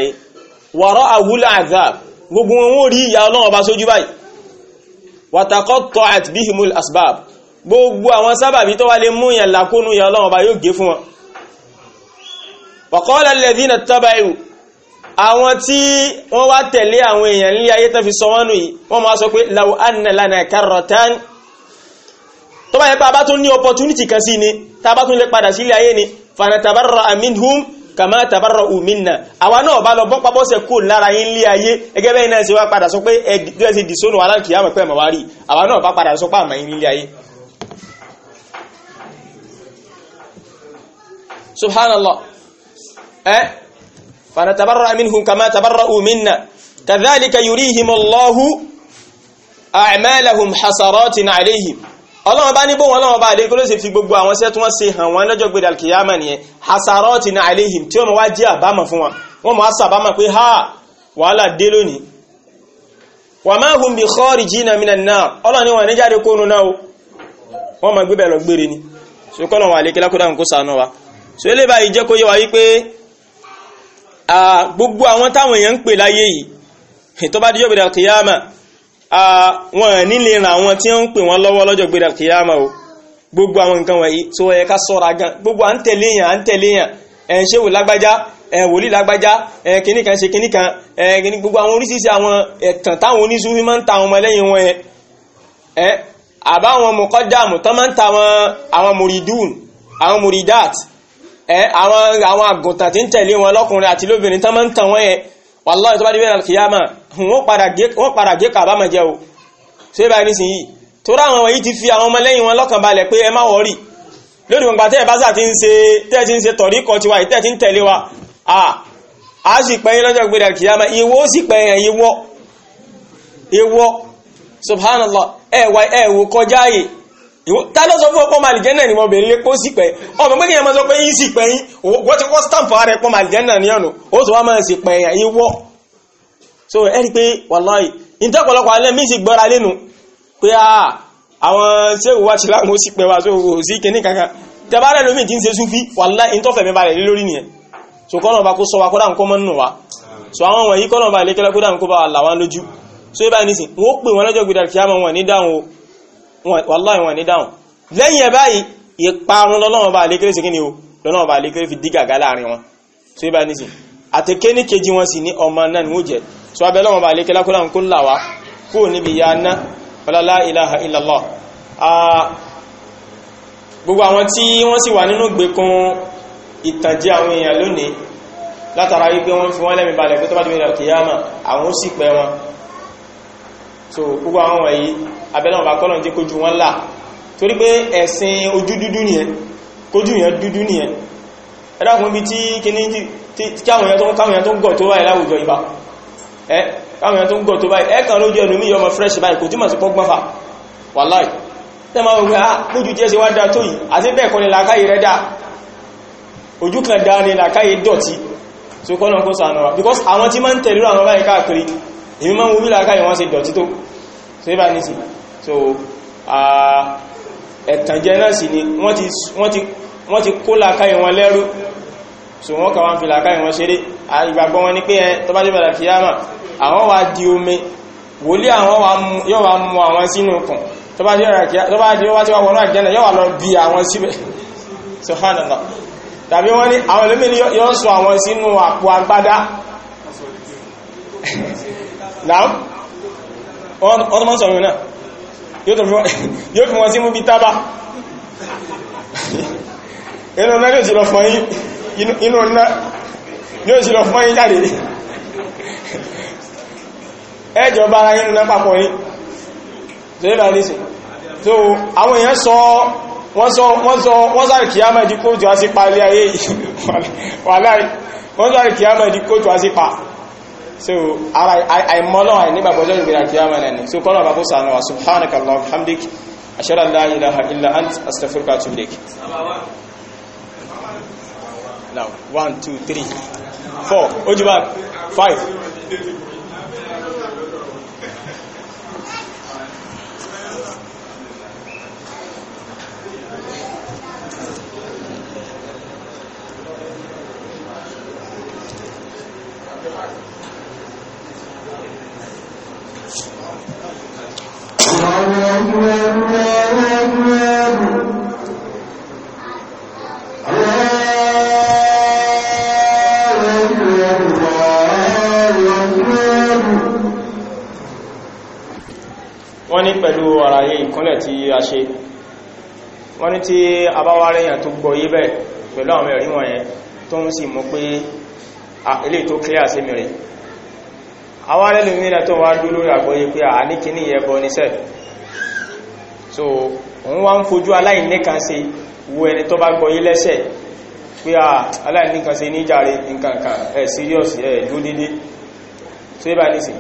ayé wàkọ́lá lẹ́dínà tábàáyù àwọn tí wọ́n wá tẹ̀lé àwọn èèyàn ní ayé tán fi sọ wọ́n nù yìí wọ́n máa sọ pé law anna lana karratan tó bá yẹ pé a bá tún ní opportunity kan sí ni tá a bá tún lè padà sílé ayé ni fanatabarra minhum kàmá tabarra minna àwa náà bá lọ bọ́n pabọ́sẹ̀ kú lára yín lé ayé ẹgẹ́ bẹ́ẹ̀ náà sì wá padà sọ pé subhanallah eh fanatabarra minhum kama tabarra'u minna kadhalika yurihim Allahu a'malahum hasaratin 'alayhim Ọlọ́run bá ní bó wọn Ọlọ́run bá lè kóló ṣe fi gbogbo àwọn iṣẹ́ tí wọ́n ṣe hàn wọ́n lọ́jọ́ gbé dalkiyama nìyẹn hasaratin 'alayhim tí ó mọ̀ wá jẹ́ àbámọ̀ fún wọn wọ́n mọ̀ á sàbámọ̀ ha wàhálà dé lónìí wa ma hum bi kharijina minan nar Ọlọ́run ni wọ́n ní jáde kónú náà wọ́n mọ̀ gbé bẹ̀rẹ̀ gbére ni ṣùkọ́lọ̀ wà lè kí lákúdà ń kó sànú wa ṣe lè báyìí jẹ́ kó yẹ wa wípé gbogbo àwọn táwọn èèyàn ń pè láyé yìí tó bá díjọ́ gbèdà kìyàmà wọn ní lè ràn àwọn tí wọ́n ń pè wọ́n lọ́wọ́ lọ́jọ́ gbèdà kìyàmà o gbogbo àwọn nǹkan wọ̀nyí tó yẹ ká sọ́ra gan gbogbo à ń tẹ̀lé yàn à ń tẹ̀lé yàn ẹ̀ ń ṣe wò lágbájá ẹ̀ wòlí lágbájá ẹ̀ kìíní kan ṣe kìíní kan ẹ̀ kìíní gbogbo àwọn oríṣiríṣi àwọn ẹ̀tàn táwọn oníṣúfí máa ń ta àwọn ọmọ ẹlẹ́yìn wọn yẹn ẹ̀ àbáwọn mọ̀kọ́dàmù tán máa ń ta àwọn mùrìdùn àwọn mùrìdàt àwọn àwọn àgùntàn tí ń tẹ̀lé wọn lọ́kùnrin àti lóbìnrin tán máa ń tàn wọ́n yẹn wàláhì tó bá dé bẹ́ẹ̀ kìyàmà wọ́n padà gé kàbámà jẹ́ o ṣé báyìí nísìnyí torí àwọn wọ̀nyí ti fi àwọn ọmọlẹ́yìn wọn lọ́kàn balẹ̀ pé ẹ má wọ̀rí lórí gbọ̀ngbà tẹ́ ẹ bá sà ti ń ṣe tẹ́ ti ń ṣe tọ̀rí kọ tiwa tẹ́ ti ń tẹ̀lé wa a sì pẹ́yìn lọ́jọ́ gbé ta ló sọ fún ọpọ́ màlìjẹ́nà ni mo bèèrè lé kó sì pẹ́ ọmọ pé kíyàn máa sọ pé yín sì pẹ́ yín wọ́n ti kọ́ stamp ara ẹ̀pọ́ màlìjẹ́nà ní ọ̀nà ó sì wá máa sì pẹ́ yàn wọ́ so ẹ pé wàláì níta alẹ́ mi sì gbọ́ra lẹ́nu pé àwọn sẹ́wù ó sì pẹ́ wá so kò sí kinní kankan so kọ́nà ọba kó sọ wa kó dáhùn wa so àwọn wọ̀nyí kọ́nà ọba ìlékẹ́lẹ́ kó dáhùn kó bá wa là wá lójú so ibà nísìn wọ́n pè wọ́n lọ́jọ́ gbẹdàkíyàmọ̀ wọn ní dáhùn o wàláhì wọn ní dáhùn lẹ́yìn ẹ̀ báyìí ìparun lọ́lọ́wọ́n bá lékeré sí kíni o lọ́lọ́wọ́n bá lékeré fi dí gàgá láàrin wọn so ibà ní sìn àtẹ̀kẹ́ ní kejì wọn sì ní ọmọ náà ni wọ́n jẹ́ so abẹ́ lọ́wọ́n bá lékeré lákúlà ń kó là wá tí wà nínú gbèkùn bá dé so gbogbo àwọn wọ̀nyí abẹ́lẹ̀ ọba kọ́lọ̀ jẹ́ kójú wọn là torí pé ẹ̀sìn ojú dúdú nìyẹn kójú yẹn dúdú nìyẹn ẹ̀dàkùn ibi tí kíní tí àwọn èèyàn tó ń gọ̀ tó wáyé láwùjọ ìbá ẹ́ káwọn èèyàn tó ń gọ̀ tó báyìí ẹ́kàn lójú ẹnu mí yọmọ fresh báyìí kò túnmọ̀ sí pọ́gbọ́n fà wàláì tẹ́ ma wọ́n lójú tí ẹ ah, ṣe wá dá tó yìí àti bẹ́ẹ̀ kọ́ ni làákàyè rẹ̀ dá ojú kan dá ni làákàyè dọ̀tí so kọ́nà kó sànà wa because àwọn tí máa ń tẹ̀lú àwọn èmi máa ń wo bí làákàyè wọ́n ṣe dọ̀tí tó so ibà ní sí so ẹ̀tànjẹ náà sì ni wọ́n ti kó làákàyè wọn lẹ́rú so wọ́n kà wá ń fi làákàyè wọn ṣeré ìgbàgbọ́ wọn ni pé ẹ tó bá dé bẹ̀rẹ̀ kìyàmà àwọn wà di omi wòlíì àwọn yóò wá mú àwọn sínú kùn tó bá dé wá tí wá wọnú àjẹ́nà yóò wá láàm ọdún mọ́ sọ̀rọ̀ náà yóò fi wọ́n sí mú bí tábà inú náà yóò sí lọ fún yín inú náà yóò sí lọ fún yín jáde ẹjọ bára yínú náà papọ̀ yín tó yẹ́ bá ní sí so àwọn èèyàn sọ wọ́n sọ wọ́n sọ wọ́n sáré kìyàmà ìdíkóòtù àsípa ilé ayé yìí wà láì wọ́n sáré kìyàmà ìdíkóòtù àsípa so ara àìmọ́lọ́ àìnígbàgbọ́jọ́ ìgbèrè àkíyàmà nẹni so kọ́lọ̀ bá kó sànà wa subhanaka allahumma wa hamdik ashhadu an la ilaha illa ant astaghfiruka wa atubu now one two three four ojúbà five wọ́n ní tí àbáwárẹ̀ èèyàn tó gbọ́ yíbẹ̀ pẹ̀lú àwọn ẹ̀rí wọ̀nyẹn tó ń sì mú pé ilé tó clear sí mìírí àwárẹ̀ lè mìíràn tó wá dúró àgbóyé pé à ní kí ní ẹbọ níṣẹ́ so òun wá ń fojú aláìníkan sí wo ẹni tó bá gbọ́yé lẹ́sẹ̀ pé à aláìníkan sí ní ẹ̀ serious ẹ̀ dúdídé tó yíba nìsí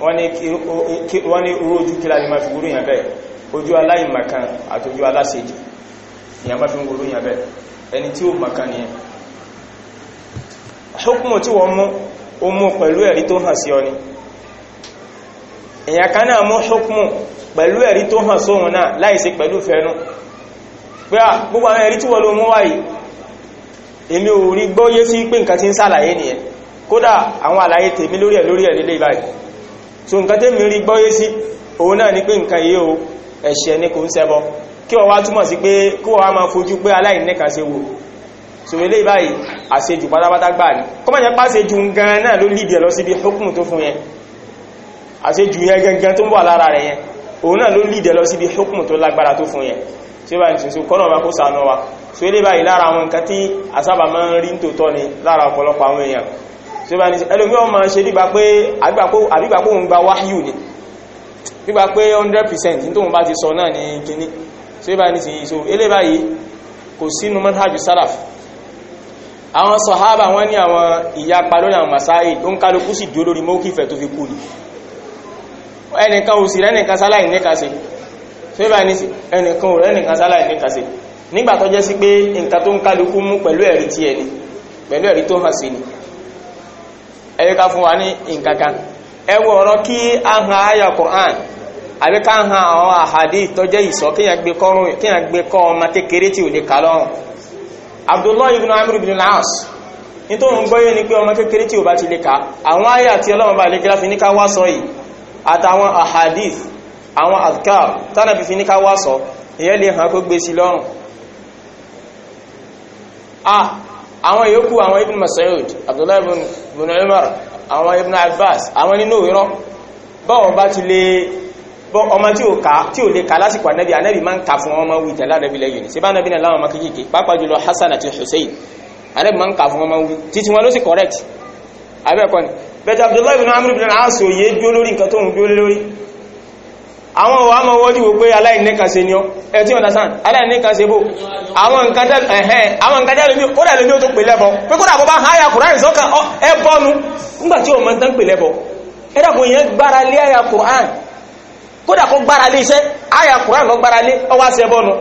wọ́n ní ojú kí láti máa fi gúrú yàn bẹ́ẹ̀ ojú aláìmọ̀kan àtojú aláṣejù èyàn bá fi ń wo lóyìn abẹ́ ẹni tí ó maka ni ẹ ṣókùnmù tí wọ́n mú o mú pẹ̀lú ẹ̀rí tó hàn sí ọ ni èyàn kan náà mú ṣókùnmù pẹ̀lú ẹ̀rí tó hàn sóhun náà láìsí pẹ̀lú fẹ́nu pé à ah, gbogbo àwọn ẹ̀rí tí wọ́n ló mú wáyé èmi ò rí gbọ́yé sí pé nǹkan tí ń sàlàyé nìyẹn kódà àwọn àlàyé tèmi lórí ẹ̀ lórí ẹ̀ lélẹ̀ báyìí so nǹkan tèmi rí gbọ́yé sí òun náà ni pé nǹkan yìí o ẹ̀ṣẹ̀ ni kò ń ṣẹbọ kí wọ́n wá túmọ̀ sí pé kí wọ́n wá máa fojú pé aláìníkan ṣe wò so ilé ìbáyìí àṣejù pátápátá gbà ní kọ́mọ̀ jẹ́ pàṣejù gan náà ló lìdí ẹ̀ lọ síbi hukumu tó fún yẹn àṣejù yẹn gangan tó ń wà lára rẹ̀ yẹn òun náà ló lìdí ẹ̀ lọ síbi hukumu tó lágbára tó fún yẹn tí ó bá ní ṣe kọ́nà ọba kó sànú wa so ilé ìbáyìí lára àwọn nǹkan tí àsábà ni lára tóun bá ti sọ náà ní kíní so ibá ní sìnyí so ilé báyìí kò sínú manhajjú saraf. àwọn sọ̀hábà wọ́n ní àwọn ìyapa lórí àwọn masáyì tó ń kálukú sì dúró lórí mọ́kífẹ̀ tó fi kú ní ẹnìkan ò sí rẹ́nìkan sáláì níkàsí so ibá ní ẹnìkan ò rẹ́nìkan sáláì níkàsí nígbà tó jẹ́ sí pé nǹkan tó ń kálukú mú pẹ̀lú ẹ̀rí ti ẹni pẹ̀lú ẹ̀rí tó hàn sí ni ẹ̀yọ́ká fún wa ní nǹkan kan ọ̀rọ̀ kí a hàn áyà Qur'an àbí ká hàn àwọn àhàdí ìtọ́jẹ́ ìsọ kíyàn gbé kọ́ ọmọ kékeré tí ò lè kà lọ́rùn Abdullahi ibn Amr ibn al-As gbọ́yé ni pé ọmọ kékeré tí ò bá ti lè kà àwọn ayé àti ọlọ́mọba àlejò fi ní ká wá sọ yìí àtàwọn àhàdí àwọn adkar tánàbí fi ní ká wá sọ ìyẹn lè hàn kó gbé sí lọ́rùn àwọn yòókù àwọn ibn Mas'ud Abdullahi ibn Umar àwọn ibn Abbas àwọn nínú ìran báwọn bá ti lè ọmọ tí ò ká tí ò lè ká lásìkò ànábì ànábì máa ń fún ọmọ wí tẹ̀lá ànábì lẹ́yìn ní síbá ànábì náà láwọn ọmọ kéjìké pàápàá jùlọ Hassan àti Hussein ànábì máa ń ká fún ọmọ wí titi wọn ló sì correct abẹ́ẹ̀kọ́ ni bẹ́ẹ̀ Abdullahi bin Amr bin As òye dúó lórí nǹkan tó ń dúó lórí àwọn ọ̀wọ́ àmọ́ wọ́n dìbò pé aláìníkànṣe ni ọ ẹ̀ tí ọ̀dá sàn aláìníkànṣe bò àwọn nǹkan ó tó pè pé kódà bá tán pè kódà kó gbára lé iṣẹ́ àyà Kùránì lọ gbára lé ọwá sí ẹbọ́nu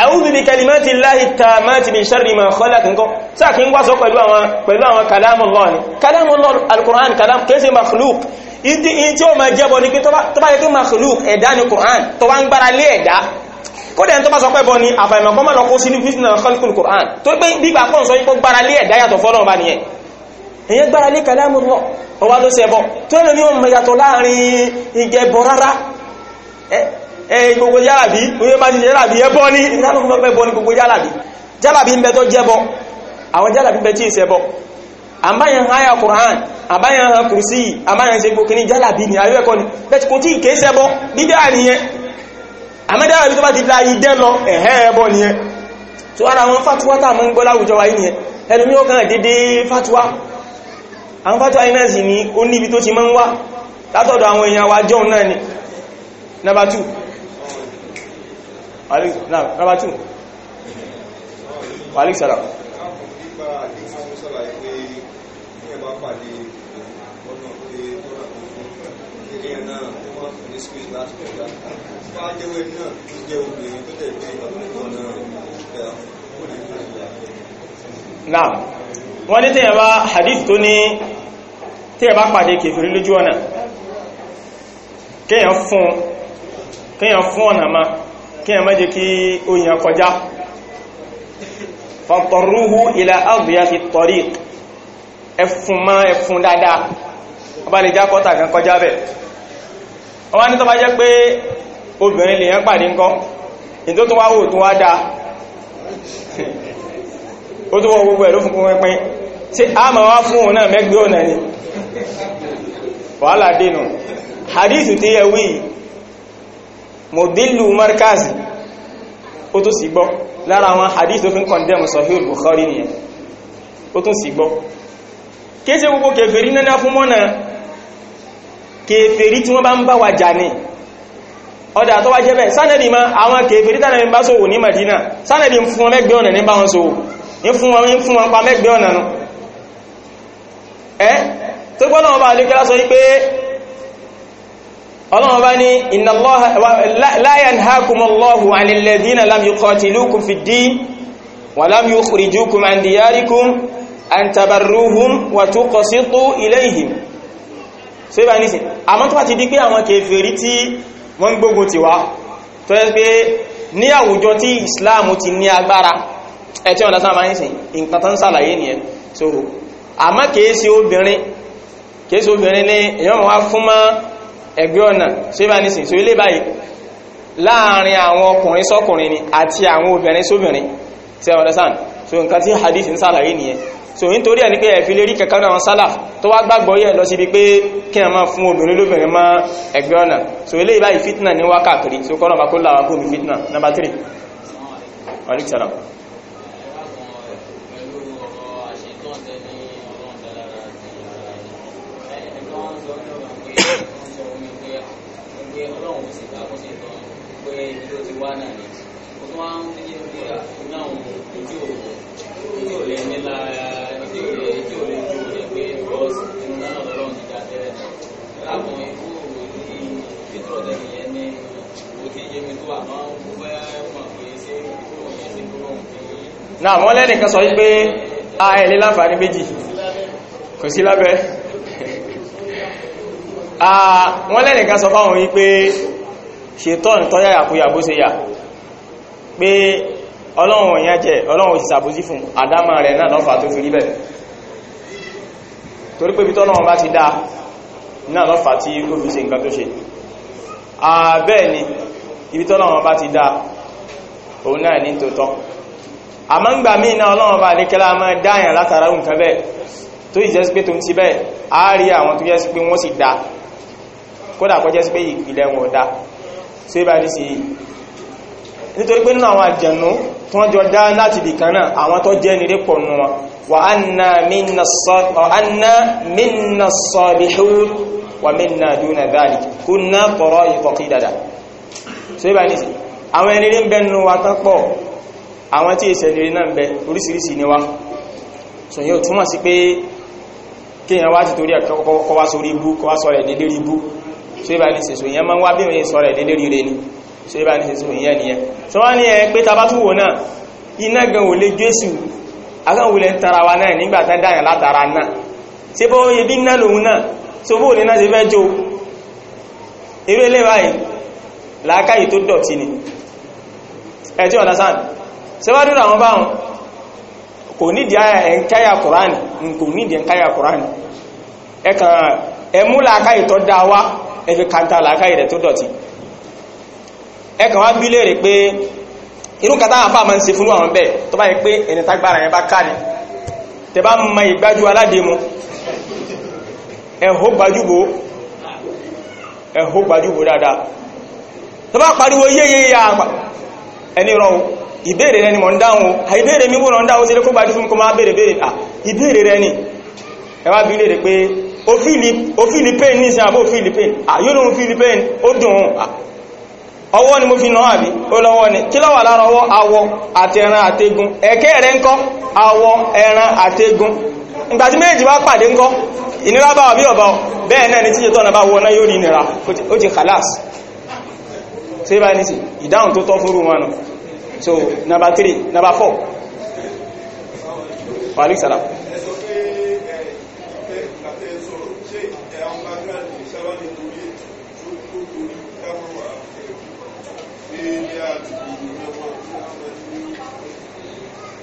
a'udhu bi kalimati llahi tammati min sharri ma khalaq nǹkan tí a kí ń wá sọ pẹ̀lú àwọn pẹ̀lú àwọn kalamullah ni kalamullah al-Qur'an kalam kẹsẹ̀ makhluk ìdí in tí ó ma jẹ́bọ̀ ní pé tó bá yẹ pé makhluk ẹ̀dá ni Qur'an tó wá ń gbára lé ẹ̀dá èyàn gbára lé kàlámù lọ ọwá tó sẹ́bọ̀ tó lè ní ọmọ ìyàtọ̀ láàrin ìgẹ̀bọ̀ rárá ẹ gbogbo jálàbí oye bá ti jálàbí ẹbọ ní ìgbàlùmọ́gbẹ̀bọ ní gbogbo jálàbí jálàbí ń bẹ tó jẹbọ àwọn jálàbí ń bẹ tí ìsẹbọ àbáyàn háyà kùrán àbáyàn ni bẹ́ẹ̀ kò tí ì kéé sẹbọ bídá nìyẹn àmẹ́dára tó bá ti la idẹ́ lọ ẹ̀hẹ́ ẹbọ nìyẹn tó ara wọn fatuwa tá a mọ́ ń gbọ́ àwọn fátọ̀ inesi ní ó níbi tó ti máa ń wá látọ̀dọ̀ àwọn èèyàn wa john náà ni number two number two wàlík sára náà wọ́n ní tẹ́yẹ̀ bá hadith tó ní tí ẹ bá pàdé kèfèrí lójú ọ̀nà kíyàn fún kíyàn fún ọ̀nà ma kíyàn má jẹ́ kí oyin kọjá fàtọ̀rúhú ilẹ̀ àgbìyà ti tọ̀rí ẹfún má ẹfún dáadáa ọba lè já kọta kan kọjá bẹ̀ ọwá ní tó bá jẹ́ pé obìnrin lè yán pàdé ńkọ́ ìtó tó tó wá dáa ó tó wọ́ gbogbo ẹ̀ ló fún kún pẹ́pẹ́ tí a ma wá fún òun náà mẹ́gbẹ́ ọ̀nà ni wàhálà dínú hadithu tí yẹ wí mọ̀dílù markazi ó tún sì gbọ́ lára àwọn hadithu fi ń kọndẹ̀mù sahih bukhari nìyẹn ó tún sì gbọ́ kéèsè gbogbo kèfèrí náà fún mọ́nà kèfèrí tí wọ́n bá ń bá wà jà ní ọdá tó wá jẹ́ bẹ́ẹ̀ sánàdì ma àwọn kèfèrí tánàdì bá sówò ní madina sánàdì fún wọn mẹ́gbẹ́ ọ̀nà ní bá wọn sówò ní fún wọn pa mẹ́gbẹ́ ọ̀nà náà ẹ́ tó gbọ́nà ọba àlékẹ́lá sọ wípé ọlọ́run ọba ní innallaha la yanhakumullahu 'anil ladhina lam yuqatilukum fid-din wa lam yukhrijukum min diyarikum an tabarruhum wa tuqsitu ilayhim so ibà ní sí àmọ́ tó bá ti di pé àwọn kèfèrí tí wọ́n gbógun ti wá tó yẹ pé ní àwùjọ tí Islam ti ní agbára ẹ̀ tí wọ́n máa ń nǹkan tán sàlàyé nìyẹn so àmọ́ kèése obìnrin kèése obìnrin ní èyàn wá fún mọ́ ẹgbẹ́ ọ̀nà síbà nísìn so ilé báyìí láàrin àwọn ọkùnrin sọ́kùnrin ni àti àwọn obìnrin sóbìnrin tí ẹ understand so nǹkan tí hadith ń sàlàyé nìyẹn so nítorí ẹni pé ẹ̀fí lérí kankan náà sálà tó wá gbàgbọ́ yẹ lọ síbi pé kí a máa fún obìnrin lóbìnrin mọ́ ẹgbẹ́ ọ̀nà so ilé ìbáyìí fitna ni wákàkiri so kọ́nà bá kó láwá kó mi fitna number 3 alaikum wá náà ni o tún wá ń fi kí ní àwọn ojú ojú ò lè lára tí ò lè tí ò lè ju pé bọ́ọ̀sì inú náà lọ́rọ̀ ní dáadẹ́rẹ́ náà láwọn ikú òní pétrọ̀ lẹ́nu yẹn ní o ti yé mi tó àmọ́ bóyá wọn pè é ṣe kúrò yẹn ṣe kúrò òun. náà wọ́n lẹ́nìkan sọ wípé a ẹ̀ lè láǹfààní méjì kò sí lábẹ́ wọ́n lẹ́nìkan sọ fáwọn wípé ṣètọ́n tọ́yà ya bó ṣe yà pé ọlọ́run ìyá jẹ ọlọ́run òsì sàbójí fún àdámà rẹ̀ náà lọ́fà tó fi rí bẹ̀ torí pé bí tọ́lọ́run bá ti dá náà lọ́fà tí ó fi ṣe nǹkan tó ṣe àbẹ́ẹ̀ ni ibi tọ́lọ́run bá ti dá òun náà ní tòótọ́ àmọ́ ń gbà míì náà ọlọ́run bá ní kẹ́lá máa dáyàn látara nǹkan bẹ́ẹ̀ tó ìjẹ́sí pé tó ń ti bẹ́ẹ̀ á àwọn tó jẹ́sí pé wọ́n sì dá kódà kọjẹ́sí pé ìpìlẹ̀ wọn dá ṣe bá rí sí nítorí pé nínú àwọn àjẹ̀nú tó wọ́n jọ dá láti bìkan náà àwọn tó jẹ́ nire pọ̀ nù wọn wa anna minna salihun wa minna duna dhalik kunna tara'iqa qidada ṣe bá rí sí àwọn ẹni rí ń bẹ nínú wa tán pọ̀ àwọn tí ìṣẹ̀lẹ̀ náà ń bẹ oríṣiríṣi ni wá so yóò wá ti torí ẹ̀kọ́ wá sórí ibú kọwá sọ rẹ̀ dédé ibú so ibà ní sèso ìyẹn máa ń wá bí òyìn sọ rẹ̀ dédé rire ni so ibà ní sèso ìyẹn nìyẹn so wọ́n ní ẹ pé tabátúwò náà iná gan ò lè jésù akáwòlẹ̀ ń tara wa náà nígbà tán dáyàn látara náà ṣe bó yẹ bí náà lòun náà so bó ní náà ṣe fẹ́ jó eré lẹ́wà làákàyè tó dọ̀tí ni ẹ tí ọ̀dá sáà síwájú àwọn báwọn kò nídìí ẹ̀ńkáyà kùránì kò nídìí ẹ̀mú làákàyè tó dá wa ẹgbẹ́ kanta làákàyè rẹ̀ tó dọ̀tí ẹkàn wá bí léèrè pé irú kata àfà máa ń ṣe fún àwọn bẹ́ẹ̀ tó bá yẹ pé ẹni tágbára yẹn bá ká ni tẹ bá mọ ìgbájú aládìmú ẹ̀hó gbajúbò ẹ̀hó gbajúbò dáadáa tó bá pariwo yéyéyà ẹni rọrùn ìbéèrè rẹ ni mọ̀ ń dáhùn à ìbéèrè mi wọ́n ń dáhùn sí lé gbajú fún kó máa béèrè béèrè à ìbéèrè rẹ ni ẹ wá bí léèrè pé o fíìlì pain ní ìsìn àbò fíìlì pain àyíò lóun fíìlì pain ó dùn ah. ọwọ́ ni mo fi náà àbí ó lọ́wọ́ ni kí lọ́wọ́ lára ọwọ́ awọ àti ẹran àtegun ẹ̀kẹ́ rẹ̀ ń kọ́ awọ ẹran àtegun ìgbàtí méjì wá pàdé ń kọ́ ìnira bá wà bí ọ̀bá bẹ́ẹ̀ náà ni tí ìtọ́nà bá wọ́ná yóò rí ìnira ó ti kàlás tí bá ní sí ìdáhùn tó tọ́ fúrú wọn so number three number four wa alaikum salam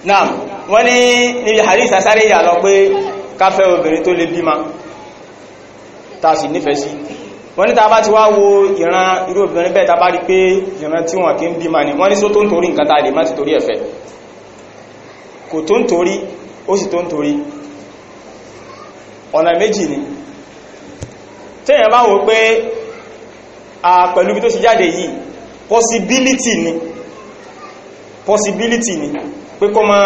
náà wọ́n ní níbi hadith sáré yà lọ pé káfẹ́ obìnrin tó lè bímá ta sì nífẹ̀ẹ́ sí wọ́n ní ta bá ti wá wo ìran irú obìnrin bẹ́ẹ̀ ta bá rí pé ìran tí wọ́n kí ń bímá ni wọ́n ní só tó ń torí nǹkan ta lè má ti torí ẹ̀fẹ́ kò tó ń torí ó sì tó ń torí ọ̀nà méjì ni téèyàn bá wò pé a pẹ̀lú bí tó sì jáde yìí possibility ni possibility ni pé kó má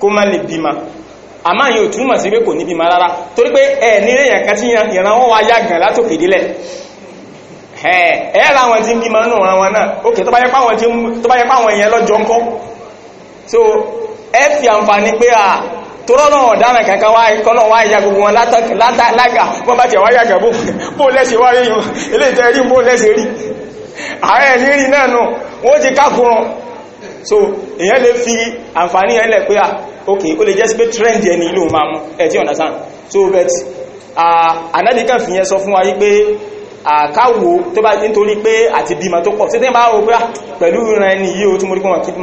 kó má lè bímá àmá yóò túmọ̀ sí pé kò ní bímá rárá torí pé ẹ̀ nílé èèyàn kan tí ìrànwọ́ wa yàgàn látòkè délẹ̀ ẹ̀ẹ́ra àwọn tí ń bímọ nù ra wọn náà òkè tó bá yẹpá àwọn èèyàn lọ́jọ́ ń kọ́ so ẹ fi àǹfààní pé à torọ́nà ọ̀daràn kankan wá ìkọ́nà wá ìyá gbogbo wọn lága wọ́n bá tẹ̀ wá yàgà bó lẹ́sẹ̀ wá rí ilé ìtẹ́rí bó lẹ́sẹ̀ rí ààrẹ ìlérí náà nù wọ́n ti kákùrùn so èyàn lè fi àǹfààní ẹ̀lẹ̀ pé à ah, ok ó lè jẹ́ sí pé trend ẹni ìlú máa mú ẹ̀tí understand so bet ànádi kan fi yẹn sọ fún wa yí pé àkáwò tó bá nítorí pé àti bímọ tó pọ̀ sí tẹ́ bá rò pé ah, pẹ̀lú ìran ẹni yìí ó túnmọ̀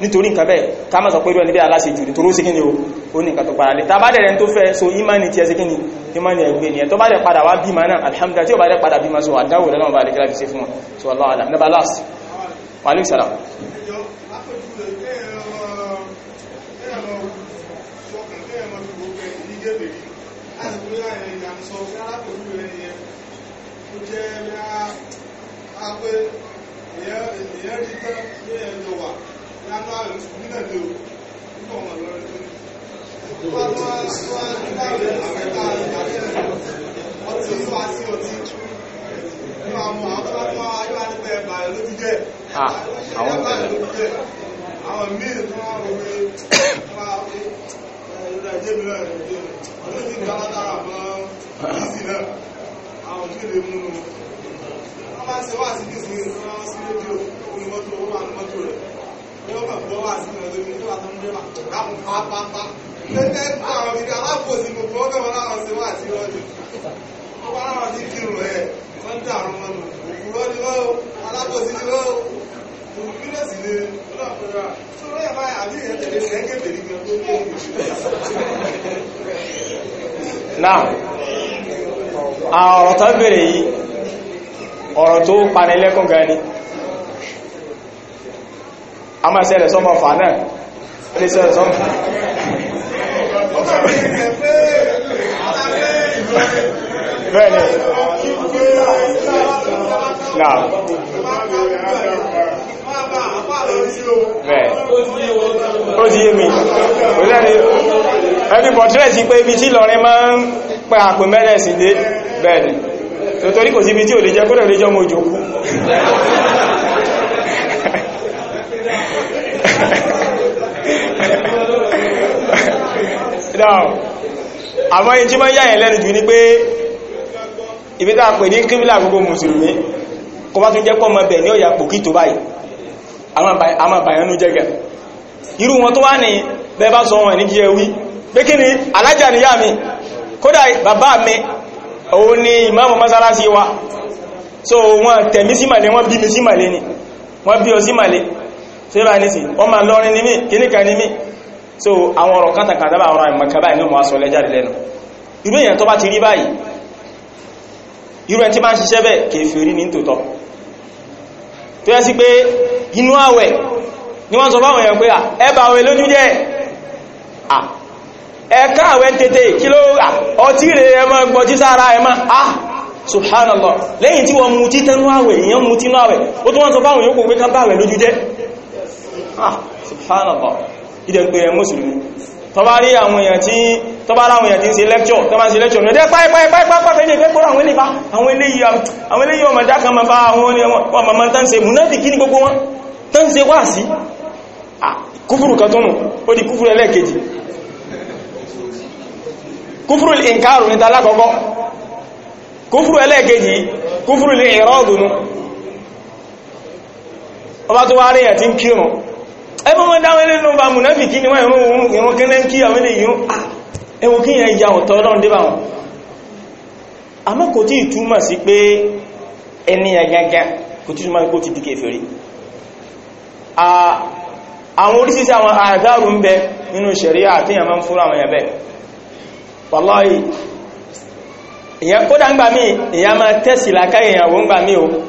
nítorí nǹkan bẹ́ẹ̀ ká má sọ pé irú ẹni bẹ́ẹ̀ aláṣejù sí kí o ó ní nǹkan tó paralẹ̀ tá bá dẹ̀rẹ̀ tó fẹ́ so imani ti ẹ sí kí ni imani ẹgbẹ́ ni ẹ tó bá dẹ̀ padà wá bímọ náà alhamdulillah tí ó bá dẹ̀ padà bímọ so àdáwò lọ́nà bá lè kíláfi sí fún wọn allah alam nípa last january nílẹ̀ tó wá nígbà rẹ àfẹ́ká àti ọtí wá sí ọtí ní àwọn àwọn tó bá ayé wá nípa jẹ́ ẹ̀bà rẹ ló ti jẹ́ àwọn míì tó wọ́n rò pé wá ìrìnà rẹ̀ ọdún ti gbà látara mọ́ ìsìn náà àwọn míì lè mú un wọ́n bá ń ṣe wá sí kìsìn sí ni wọ́n máa gbọ́ wá sí ìrìn lórí tó àtọ́ ní ìrìnà láwọn pápápá lẹ́gbẹ́ fún àwọn ibi alábòsí gbogbo wọn kẹwọn láwọn ṣe wá àti ìrọ̀jù wọn bá láwọn ti kírun ẹ wọn dà àrùn wọn nù òkúrọ́ ni wọ́n o alábòsí ni wọ́n o òkúrọ́ sì ni wọ́n náà fẹ́ ra sọ́rọ́ ẹ̀ báyà àbí ìyẹn tẹ̀lé sẹ́ńkẹ̀bẹ̀ ní gan tó tó náà àwọn ọ̀rọ̀ tó bẹ̀rẹ̀ yìí ọ̀rọ̀ tó panilẹ́kùn gan ni a máa ṣẹlẹ̀ sọ́mọ fà náà ó ṣẹlẹ̀ sọ́mọ bẹ́ẹ̀ni náà ó ti yé mi ó ẹbí pọ̀tírẹ̀tì pé ibi tí lọrin máa ń pẹ àpò mẹ́rẹ̀ sí dé bẹ́ẹ̀ni tó kò sí ibi tí ò lè jẹ́ kó lè jọ mọ́ òjòkú àmọ́ yí tí wọ́n yà yẹn lẹ́nu jù ní pé ibi tá a pè ní kíbílà gbogbo mùsùlùmí kọ bá tún jẹ́ pọ́ mọ́bẹ̀ ní ọ̀yà pòkí tó báyìí àmà bàyánú jẹ́gẹ̀ irú wọn tó wá ní bẹ́bá sọ wọn ní jíẹ wí pé kí ni alájà níyà mi kódà bàbá mi òun ni ìmáàmù mọ́sálásí wa so wọn tẹ̀mí sí màlé bí mi sí ni wọn bí ọ sí ṣe bá ní sí wọ́n máa lọ́rin ní mí kíníkà ní mí so àwọn ọ̀rọ̀ kátàkàtà bá àwọn àìmọ̀kà báyìí ní ọmọ aṣọ lẹ́jáde lẹ́nu irú èyàn tó bá ti rí báyìí irú ẹni tí bá ń ṣiṣẹ́ bẹ́ẹ̀ kèfèrí ní tòótọ́ tó yẹ sí pé inú àwẹ̀ ni wọ́n sọ báwọn èèyàn pé ẹ bá àwẹ̀ lójú jẹ́ ẹ̀ká àwẹ̀ tètè kí ló ọtí rẹ̀ ẹmọ gbọjí subhanallah lẹ́yìn tí wọ́n mutí tẹ́nu àwẹ̀ èèyàn mutí náà àwẹ̀ ó tó wọ́n sọ báwọn ah subhanallah ìdẹ̀ pé ẹ mùsùlùmí tọba rí àwọn èèyàn tí tọba ráwọn èèyàn tí ń ṣe lẹ́kṣọ́ tọba ń ṣe lẹ́kṣọ́ ní ọdẹ́ pápápápápá fẹ́jẹ́ ìgbẹ́gbọ́ àwọn ilé bá àwọn ilé yíò mọ̀dá kan ma bá àwọn ọmọ ma tán ṣe múnádì kí ní gbogbo wọn tán ṣe wá sí kúfùrù kan tónù ó di kúfùrù ẹlẹ́ẹ̀kejì kúfùrù ìǹkàrù ní talákọ́kọ́ kúfùrù ẹlẹ́ẹ̀kejì kúfùrù ìrọ́dùnú ọba tó wá rí ẹ̀ tí ń kírùn ẹgbẹ́ wọn dáwọn ilé ló bá mùnẹ́fì kí ni wọ́n ìrún kí lẹ́n kí àwọn ilé yìí ah, ẹwọ kí yẹn ya ọ̀tọ̀ ọlọ́run dé bá wọn àmọ́ kò tí ìtúmọ̀ sí pé ẹni ẹgagá kò tí ìtúmọ̀ kò tí dìkẹ̀ fèrè àwọn orísìsí àwọn àdáàrù ń bẹ nínú ṣẹ̀ríà o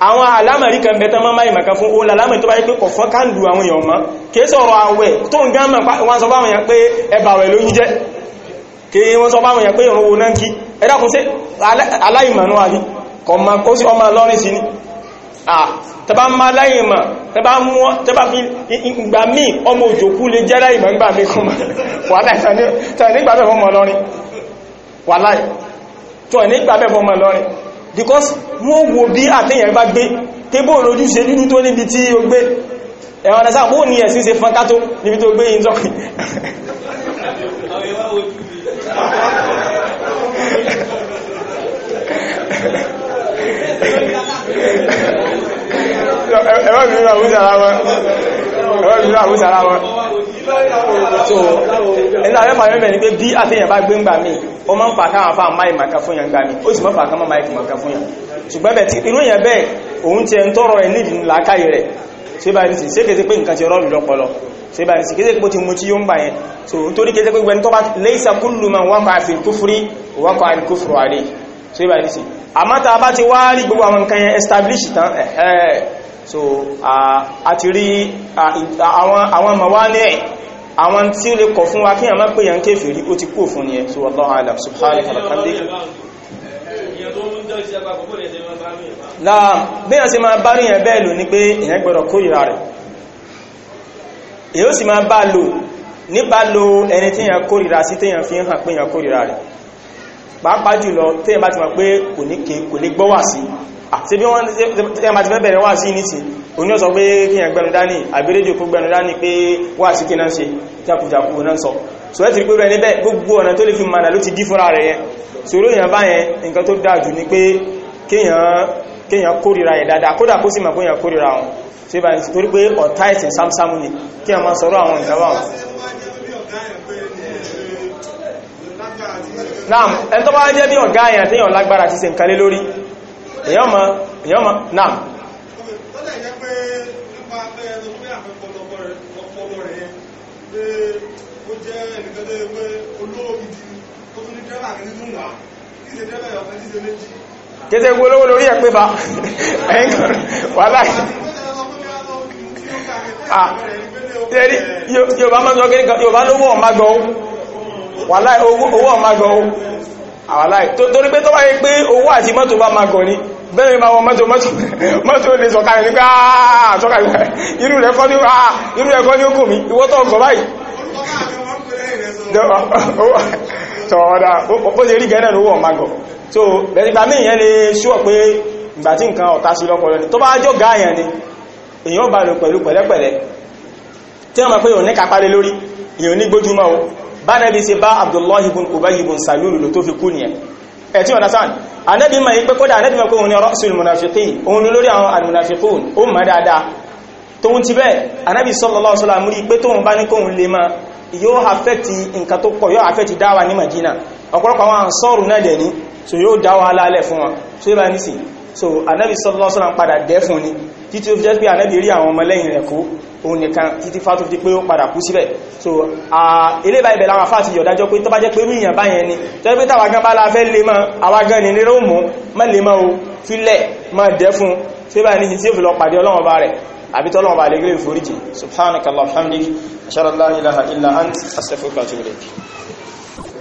àwọn alámàrí kan bẹ̀tẹ̀ máa máa ìmàkà fún olà alámàrí tó bá yẹ pé kọ̀fán káàndù àwọn èèyàn mọ́ kìí sọ̀rọ̀ àwẹ̀ tó ń gánmà wọ́n sọ bá wọ́n yẹn pé ẹbà rẹ̀ ló ń jẹ́ kìí wọ́n sọ bá wọ́n yẹn pé ìrànwò náà kí ẹ̀dàkùn sí aláìmọ̀nú àrí kọ̀mà kó sí ọmọ lọ́rin sí ni tẹba ń because wọ́n wo bí àtẹ́yàn bá gbé tébò lójú ṣe dúdú tó níbi tí ó gbé ẹ̀wọ̀n ẹ̀sá bó ní ẹ̀sí ṣe fán kátó níbi tó gbé yìí tọ́kì Thank you ẹ̀rọ mi nínú àwúsàrá wọn ẹ̀rọ mi nínú àwúsàrá wọn so ẹ̀nà àwẹ́ màá mẹ́rin pé bí àtẹ́yàn bá gbé ń gbà mí ó máa ń pa káwọn afá máì màkà fún yàn gbà mí ó sì máa pàkà máì màkà fún yàn ṣùgbọ́n bẹ̀ tí inú yẹn bẹ́ẹ̀ òun ti ẹ̀ ń tọrọ ẹ̀ nídìí làákàyè rẹ̀ ṣé bá ní sí ṣé kété pé nǹkan ti rọ́ọ̀lù lọ́pọlọ ṣé bá ní sí kété pé ti mú tí yóò ń bà yẹn so nítorí kété pé gbẹni tó bá laysa kullu man waqa'a fil kufri waqa'a al kufru ṣé bá ní sí àmọ́ bá ti wá rí gbogbo àwọn nǹkan yẹn establish tán ẹ̀ẹ́ so a ti rí àwọn mawani ẹ̀ àwọn tí ó lè kọ̀ fún wa kí a má pè yàn kèfèrí ó ti kú fún ni ẹ̀ so Allah a'lam subhanahu wa ta'ala láà bí a sì máa bá rí yẹn bẹ́ẹ̀ lò ní pé èyàn gbọ́dọ̀ kórìíra rẹ̀ èyí ó sì máa bá lò nípa lo ẹni tí yàn kórìíra sí téyàn fi hàn pé yàn kórìíra rẹ̀ pàápàá jùlọ téyàn bá ti mọ̀ pé kò ní kò lè gbọ́wà sí àti ah, bí wọ́n ti fẹ́ bẹ̀rẹ̀ wà sí nítì oní ọ̀sọ̀ pé kí yàn gbẹnu dání àbí rédíò kó gbẹnu dání pé wà sí kí náà ṣe jákùjákù náà sọ so ẹ́ ti pé rẹ̀ níbẹ̀ gbogbo ọ̀nà tó lè fi mọ̀nà ló ti dí fúnra rẹ̀ yẹn so ló yàn bá yẹn nǹkan tó dájú ni pé kéèyàn ẹ̀ ni kí yàn máa sọ̀rọ̀ tó bá jẹ́ bí ọ̀gá yẹn àtẹ́yàn lágbára ti ṣe nǹkan lórí èyàn ma èyàn ma náà ó lè jẹ́ wà kí ṣe dẹ́bà ẹ̀yọ̀ kan ṣe méjì kéde lówó lórí ẹ̀ wà láì Yorùbá máa ń wà láì owó tó wáyé pé owó àti mọ́tò bá máa gọ̀ ni bẹ́ẹ̀ ma wọ mọ́tò mọ́tò lè sọ̀kàrẹ̀ nípa ah, àtọ́kàrẹ̀ irú rẹ̀ kọ́ ní ah, irú rẹ̀ kọ́ ní okùn mi ìwọ́tọ̀ ọ̀sọ̀ báyìí tọ́ọ̀dá ó lè rí gẹ́nà lówó ọ̀magọ̀ so ìgbà mí ìyẹn lè ṣúọ̀ pé ìgbà tí nǹkan ọ̀tá sí lọ́pọ̀lọ́ ni tó bá jọ gáyàn ni èyàn bá lò pẹ̀lú pẹ̀lẹ́pẹ̀lẹ́ tí wọ́n mọ̀ pé òní kàpálẹ̀ lórí èyàn ní gbójúmọ́ bá nẹ́bí ṣe bá Abdullahi ibn Ubay ibn Salulu lò tó fi kú nìyẹn ẹ̀tí ọ̀dásán anẹ́bí ma yí pé kódà anẹ́bí ma kó òun ni ra'sul munafiqin òun ni lórí àwọn almunafiqun ó ma dáadáa tó ń ti bẹ́ẹ̀ anẹ́bí sallallahu alaihi wasallam rí pé tóun bá ní kóun lè ma yóò affect nǹkan tó pọ̀ yóò affect dáwà ní Madina ọ̀pọ̀lọpọ̀ àwọn ansọ́rù náà dẹ̀ ní so yóò dáwà alálẹ̀ fún so yóò bá ní sí so anẹ́bí sallallahu alaihi wasallam padà dẹ́ fún ni títí ó fi jẹ́ pé ànábì rí àwọn ọmọlẹ́yìn rẹ̀ kó òun nìkan títí fà tó fi pé ó padà kú síbẹ̀ so eléba ibẹ̀ láwọn afáàtì yọ̀ dájọ́ pé tó bá jẹ́ pé ríyàn báyẹn ni tó pé táwa gan bá la fẹ́ lè mọ́ àwa gan ni nírò mú má lè mọ́ o fílẹ̀ má dẹ́ fún tí bá ní tí ó fi lọ pàdé ọlọ́wọ́ bá rẹ̀ àbí tọ́lọ́wọ́ bá lè gírí ìforíjì subhanakallahumma hamdik la ilaha illa ant astaghfiruka wa atubu ilayk